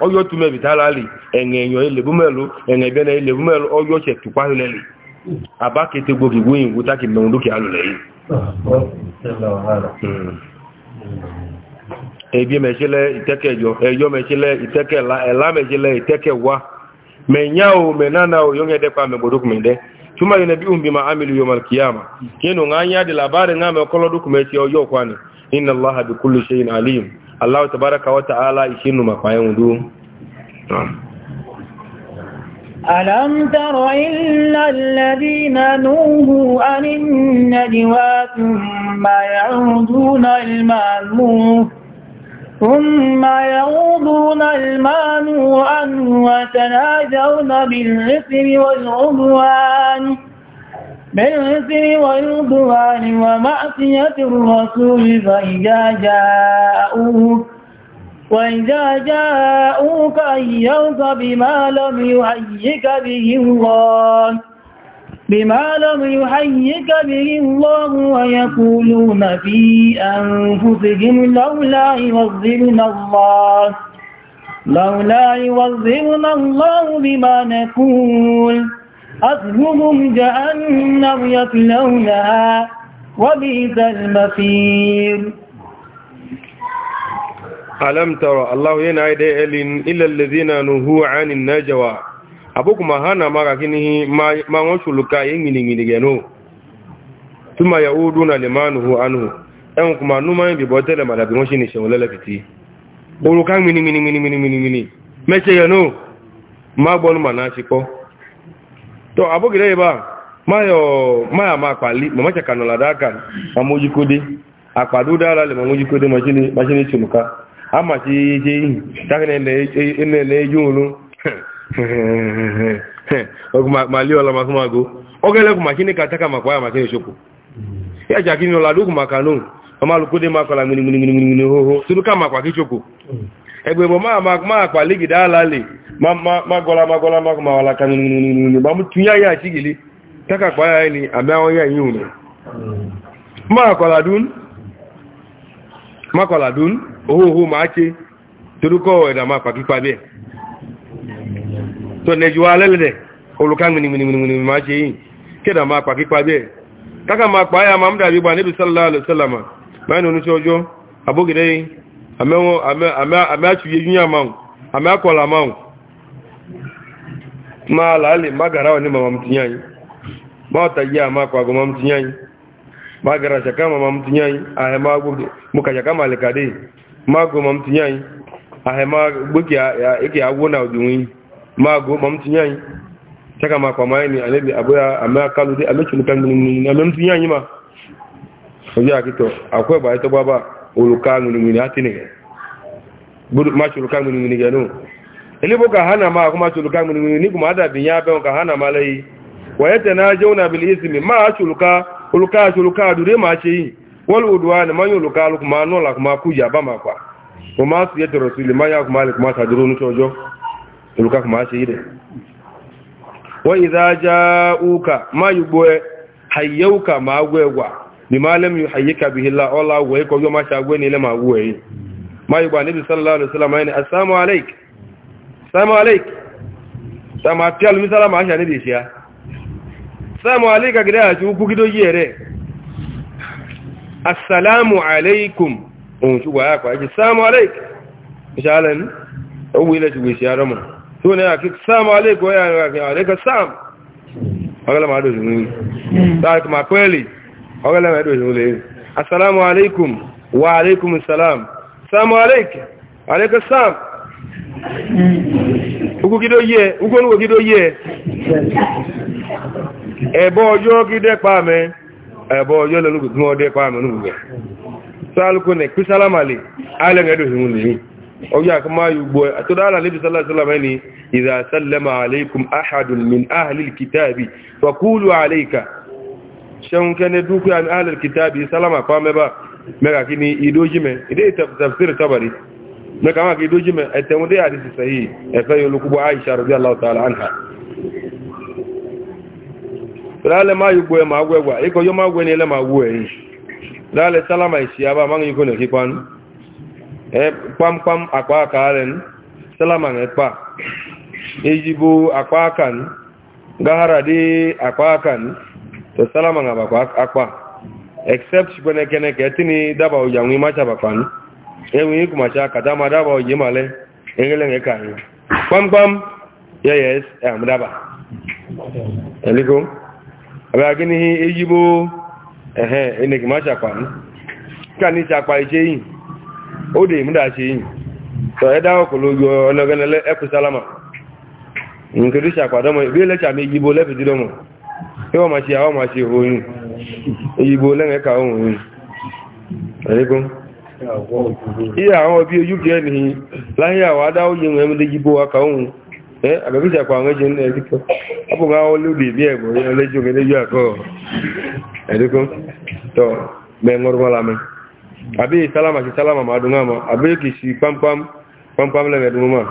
ọyọ tu mẹbi tá a lálẹ ẹ̀ǹgẹ̀ ẹ̀yàn ilẹ̀bú mẹ́lú ẹ̀ǹgẹ̀ ìbẹ́nà ilẹ̀bú mẹ́lú ọyọ ṣẹ̀ tùpá lulẹ̀ lẹ̀ àbá kété gbòógì gbóyìn wúta kì mẹ́rin lókè alùlẹ̀ yìí. ebi mẹ́sílẹ̀ ìtẹ́kẹ̀ ẹ̀yọ ẹ̀yọ mẹ́sílẹ̀ ìtẹ́kẹ̀ ẹ̀lá mẹ́sílẹ̀ ìtẹ́kẹ̀ wá o o tuma umbi ma nga nya de nga kọlọ kwani inna Allah tabaraka wa ta'ala ishinu mafayan wudu ألم تر إلا الذين نوهوا عن النجوى ثم يعودون المأمور ثم يعودون المأمور وتناجون بالإثم والعدوان بالعسر والرضوان ومعصية الرسول فإذا جاءوك وإذا جاءوك أيوك بما لم يهيك به الله بما لم يحيك به الله ويقولون في أنفسهم لولا يوظمنا الله لولا يوظمنا الله بما نقول أصلهم جهنم يصلونها وبئس المصير ألم ترى الله ينعد إلا الذين نهوا عن النجوى أبوك ما هانا ما كنه ما وشلك يمني من جنو ثم يعودون لما نهوا عنه ẹ̀hùn kùmà númọ̀ ìbí bọ́ tẹ́lẹ̀ màdàbí wọ́n ṣe ní ṣẹ̀wọ̀n lẹ́lẹ́fìtì orúkà mìnìmìnìmìnìmìnìmìnì mẹ́ṣẹ̀yẹ̀ náà má gbọ́nù mà náà ṣe pọ́ to abogire ba mayo maya ma pali mama cha kanola daka amoji kode apadu dara le mamoji kode machine machine chumuka ama ji ji takene ne ne ne junu okuma malio la makuma go ogele kuma kini kataka makwaya makini shoko ya jakini la duku makanu mama lukode makola ngini ngini ngini ho ho tuduka makwa kichoko egbe mo ma ma ma pa ligi dalale ma ma ma gola ma gola ma ma wala kan ni ba mu tunya ya chigili taka kwa ya ni abawo ya yun ma kola dun ma kola dun oho ho ma che toruko e da ma pa ki pa be to ne ju ale le olukan ni ni ni ma che yin ke da ma pa ki pa be taka ma pa ya ma mda bi ba ne bi sallallahu alaihi wasallam ma no nu sojo abogide yin ameachụghị eju ya amanwụ ameakwọla amanwụ ma ala alị ma gara mama m tinye anyị ma ọtaghị ama m tinye anyị ma gara anyị mụ ka chaka ma alịkadị ma agụ ma tinye anyị ahịma gboke ya ike na odinwe ma agụ ma m tinye anyị chaka ma akwa ma anyị ame dị mmiri mmiri na ame m tinye anyị ma obi akịtọ akwa oluka ngulungini atinige budu machu oluka ngulungini ganu ilibo ka hana ma kuma machu oluka ngulungini ni binya be hana ma lai wa yatanajuna bil ismi ma achu oluka oluka oluka dure ma chi wal udwan man oluka lu kuma no la tajuru nu chojo oluka kuma chi ide wa idha ja'uka ma bima lam yuhayyika bihi la ola we ko yo ma shagwe ni le ma wo yi ma yuba nabi sallallahu alaihi wasallam ayni assalamu alayk assalamu alayk sama tial mi salama asha nabi shiya assalamu alayka gida ju ku gido yere assalamu alaykum on ju wa ko assalamu alayk inshallah o wi le ju wi shiya ramu to ne akik assalamu alayko ya alayka assam agala ma do ju ni ta hmm. ma kweli ọgọ́lẹ̀ mẹ́rin òṣèlú lè asalamu alaikum wa alaikum salam samu alaikum alaikum sam ukwugido yẹ ukwugido yẹ ẹ̀bọ́ ọjọ́ gídẹ́ pàmẹ́ ẹ̀bọ́ ọjọ́ lọ́lọ́gbùn ọdẹ́ pàmẹ́ lọ́gbùn sálùkù ní pí sálámàlì alẹ́gẹ̀ẹ́dò ìhun lè shan kene duku an ahlul kitabi salama kwa meba mega kini idoji me ide tafsir tabari me kama ki idoji me etemu de hadisi sahihi e fa yulukubu aisha radiyallahu ta'ala anha lale ma yugwe ma gwegwa iko yo ma gwe ni le salama isi aba ma ngi kono kipan e, akwa karen salama ne pa akwa kan gahara akwa kan to salama nga bakwa akwa except kwene kene ke tini daba uja ngi macha bakwani ewi ku macha kata ma daba uji male engele nge kani kwam kwam yeah yes eh mdaba eliko aba gini hi ejibo ehe ene ki kwani kani cha kwa yin o mda che yin to eda okolo yo le salama kwa domo bi le cha le domo yíwa ma ṣe àwọn ma ṣe oyin ìyìnbó lẹ́rẹ̀ẹ́ka ohun ẹ̀ríkún iya àwọn bí ojú kẹ́ ní láyé àwọn adáwò yìí rẹ̀ mẹ́lẹ́ yíbó aka ohun ẹ́ àgbẹ̀bíṣàpọ̀ àwọn ẹjẹ́ ní ẹ̀ríkún ọpọ̀gbà àwọn olóòdì bí ẹ̀gbọ̀n yẹn lẹ́jọ́ ẹlẹ́jọ́ àkọ́ ẹ̀ríkún tọ́ mẹ́ngọ́rọ́mọ́lámẹ́ àbí sálámà sí sálámà máa dùn náà àbí kì í sí pámpám pámpám lẹ́mẹ̀ẹ́dùn mọ́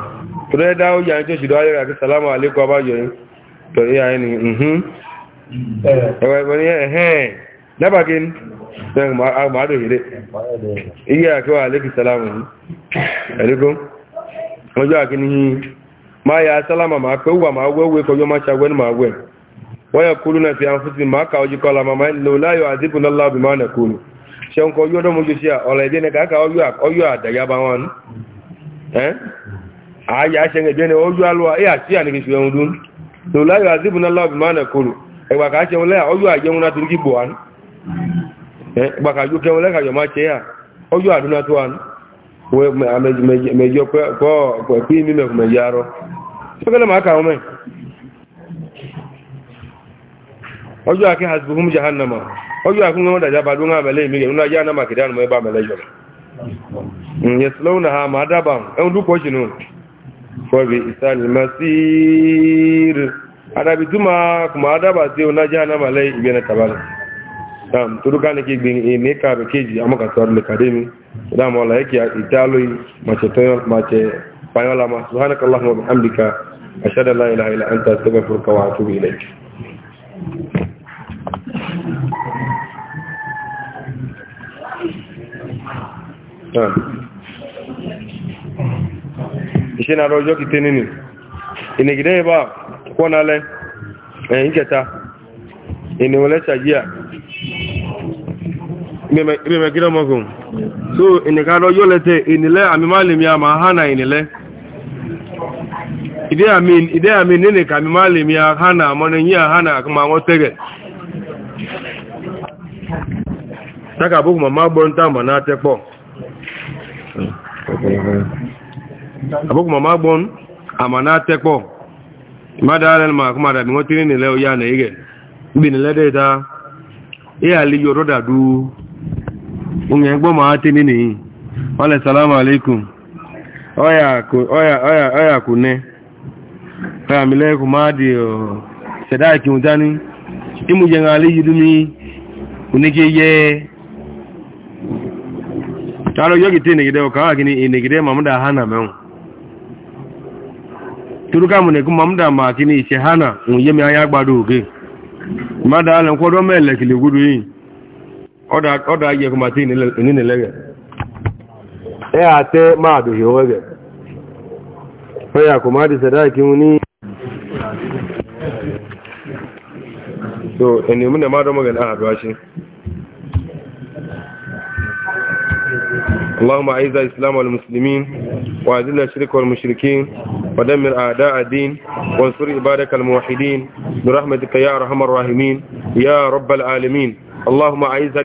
tó dẹ́ dáwò yà ń tó ṣùdọ́ ayẹ́rẹ́ àti sálámà àlékọ́ abájọ́ yìí tọ́ yíya ẹni ẹ̀wẹ̀ mm. ìgbẹ̀ni ẹ̀hẹ́n lábàkí àmàdò ìrẹ́ iye àkíwà alékì sálámù ẹ̀ríkún ọjọ́ àkíní máa yà sálámà máa pẹ́ wà máa wẹ́wẹ́ kọjọ́ máa ṣàgbẹ́nu máa wẹ́ wọ́yẹ̀ kúrú náà fi àǹfúsí máa ká ojú kọlá máa lò láyọ̀ àdínkù náà lábì máa nà kúrú ṣẹun kọ yóò sí ọ̀rọ̀ ìdí káàkà ọyọ́ wọn ọjọ́ alúwa lò láyọ̀ náà lábì máa ẹgbà ká jẹun lẹ́yà ọjọ́ àjẹun náà torí gbò wán ẹgbà ká jọ kẹun lẹ́kà yọmá jẹ́ yà ọjọ́ àdúnà tó wán mẹjọ pẹ́ pí mímẹ̀ fún mẹjọ arọ ṣọ́kẹ́lẹ̀ máa kà ọmọ ọjọ́ àkẹ́ hasbù fún jahannama ọjọ́ àkún wọn dàjá bá dún mi bi adabi tuma kuma adaba te ona jana malai ibena tabala dam turuka ne ki gbin eh, ne ka be keji amaka tor le kademi dam wala yake italo mace to mace fayola ma subhanaka allahumma wa bihamdika ashhadu an la ilaha illa anta astaghfiruka wa atubu ilayk Ishe na rojo kitini ni. Inegide ba kwọnalẹ ẹ̀yìn kẹta ìnìwọlẹ́sàjíà mímẹ̀ kí lọ́mọ́gùn so ìnìkanọ́ yóò lẹ́tẹ̀ ìnìlẹ́ àmì máa lè mi àmà hánà ìnìlẹ́ ìdẹ́ àmì nínú kàmì máa lè mi hánà àmọ́ni yí àhánà àkọmọ àwọn tẹ́gẹ̀ tákàbùkù màmá gbọ́n tàmà náà tẹ́pọ̀ àbùkù màmá gbọ́n àmà náà tẹ́pọ̀ madara ma kuma da bingo tini nile oya na ige bi nile de ta e ali yoro da du unye gbo ma tini ni wale salamu alaikum oya ku oya oya oya ku ne ta mi le ku ma di o seda ki unjani imu je ngali yidumi unike ye taro yogi tini gide o ka kini inigide mamuda hana meun turuka mu ne kuma mu da maki ni hana mu yemi anya gbadu oge ma da ala nkwado mele kile gudu yi oda oda ye kuma ti ni ni lege e ate ma do yo wege o e ya kuma di sada ki muni so eni mu ne ma do mo ga na do اللهم أعز الإسلام والمسلمين وأذل الشرك والمشركين ودمر أعداء الدين وانصر عبادك الموحدين برحمتك يا أرحم الراحمين يا رب العالمين اللهم أعز